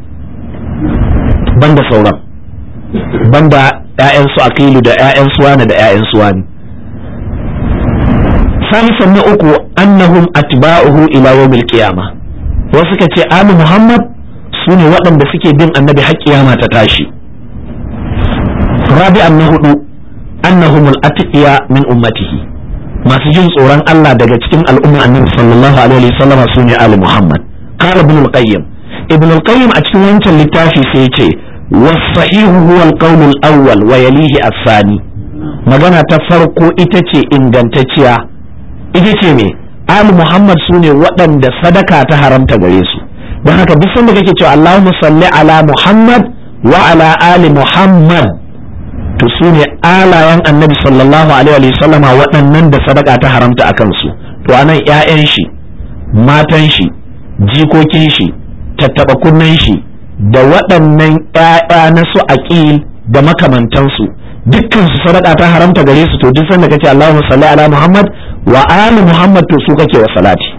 banda sauran banda ‘ya'yan su kilu da ‘ya'yan su wani da ‘ya'yan su wani salisan na uku annahum atba'uhu ila yawmil qiyama wasu ka ce ali muhammad su ne waɗanda suke bin annabi har kiyama ta tashi rabi'an na hudu annahum atqiya min ummatihi masu jin tsoron Allah daga cikin al'umma annabi sallallahu alaihi wasallam su ne ali muhammad qala ibn al-qayyim ibn al-qayyim a cikin wancan littafi sai ya ce والصحيح هو القول الأول ويليه الثاني magana ta farko ita ce ingantacciya ita ce me ali muhammad sune waɗanda sadaka ta haramta gare su don haka duk sanda kake cewa allahumma salli ala muhammad wa ala ali muhammad to sune ne annabi sallallahu alaihi waɗannan da sadaka ta haramta a kansu to anan 'ya'yan shi matan shi jikokin shi tattaɓa shi da waɗannan ƴaƴa na su aƙil da makamantansu dukkan su sadaka ta haramta gare su to duk sanda kace Allahumma salli ala Muhammad wa ali Muhammad to su kake wa salati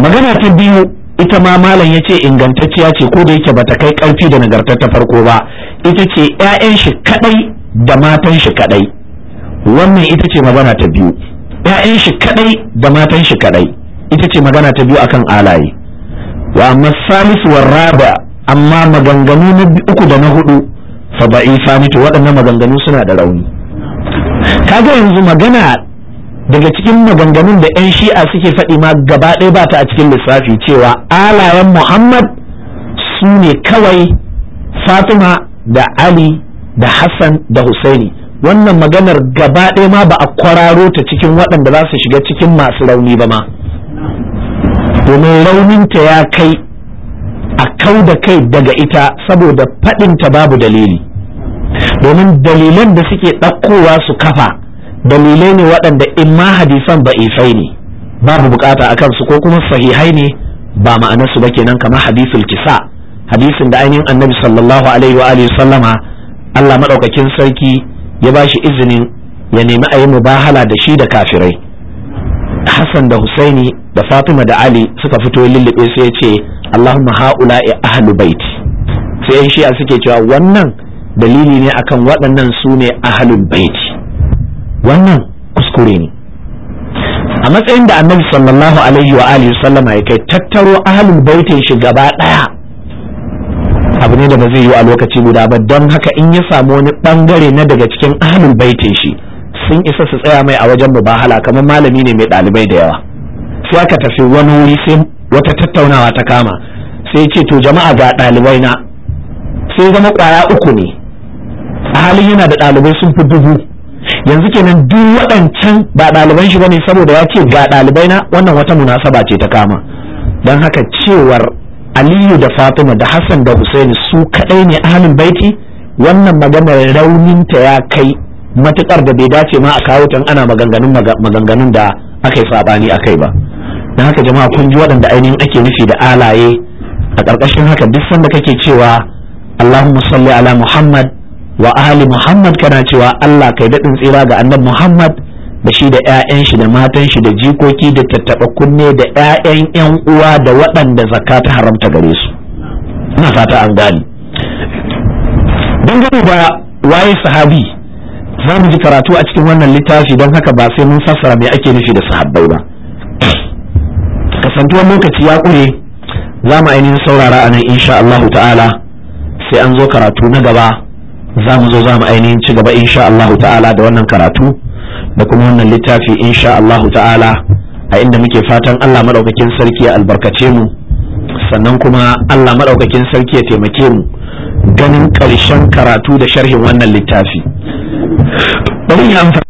magana ta biyu ita ma malam yace ingantacciya ce ko da yake bata kai karfi da nagartar ta farko ba ita ce ƴaƴan shi kadai da matan shi kadai wannan ita ce magana ta biyu ƴaƴan shi kadai da matan shi kadai ita ce magana ta biyu akan alaye wa amma salis wa raba amma maganganu na uku da na hudu fa ba ba'ifa to waɗannan maganganu suna da rauni kaga yanzu magana daga cikin maganganun da 'yan shi'a suke faɗi ma gaba ɗaya ba ta a cikin lissafi cewa alayen muhammad su ne kawai fatima da ali da hassan da husaini wannan maganar gaba ɗaya ma ba a kwararo ta cikin waɗanda za su shiga cikin masu rauni ba ma domin rauninta ya kai a kau da kai daga ita saboda faɗinta babu dalili domin dalilan da suke ɗaukowa su kafa dalilai ne waɗanda in ma hadisan ba isai ne babu bukata a kansu ko kuma sahihai ne ba ma'anarsu ba kenan kamar hadisul kisa hadisin da ainihin annabi sallallahu alaihi wa alihi sallama Allah madaukakin sarki ya ba shi izinin ya nemi a yi mubahala da shi da kafirai Da Hassan da Husaini da Fatima da Ali suka fito lullube sai ya ce Allahumma ha'ula'i ahlu baiti sai shi'a suke cewa wannan dalili ne akan waɗannan su ne ahlul baiti wannan kuskure ne a matsayin da annabi sallallahu alaihi wa alihi sallama ya tattaro ahlul baitin shi gaba daya abu ne da ba zai yi a lokaci guda ba don haka in ya samu wani bangare na daga cikin ahlul baitin shi sun isa su tsaya mai a wajen bahala kamar malami ne mai ɗalibai da yawa sai aka tafi wani wuri sai wata tattaunawa ta kama sai ce to jama'a ga dalibai na sai zama kwaya uku ne a halin yana da ɗalibai sun fi dubu yanzu kenan duk waɗancan ba ɗaliban shi bane saboda ya ce ga ɗalibai na wannan wata munasaba ce ta kama don haka cewar aliyu da fatima da hassan da husaini su kaɗai ne ahalin baiti wannan maganar rauninta ya kai matukar da bai dace ma a kawo tun ana maganganun maganganun da aka yi sabani kai ba dan haka jama'a kun ji waɗanda ainihin ake nufi da alaye a ƙarƙashin haka duk sanda kake cewa Allahumma salli ala Muhammad wa ali Muhammad kana cewa Allah kai daɗin tsira ga annabi Muhammad da shi da 'ya'yan shi da matan shi da jikoki da tattaɓa kunne da 'ya'yan 'yan uwa da waɗanda zakka ta haramta gare su ina fata an gani dangane ba waye sahabi za mu ji karatu a cikin wannan littafi don haka ba sai mun fassara me ake nufi da sahabbai ba kasantuwar lokaci ya ƙure za mu ainihin saurara a nan insha Allah ta'ala sai an zo karatu na gaba za mu zo za mu ainihin ci gaba insha Allah ta'ala da wannan karatu da kuma wannan littafi insha Allah ta'ala a inda muke fatan Allah madaukakin sarki ya albarkace mu sannan kuma Allah madaukakin sarki ya taimake mu ganin ƙarshen karatu da sharhin wannan littafi 不一样色。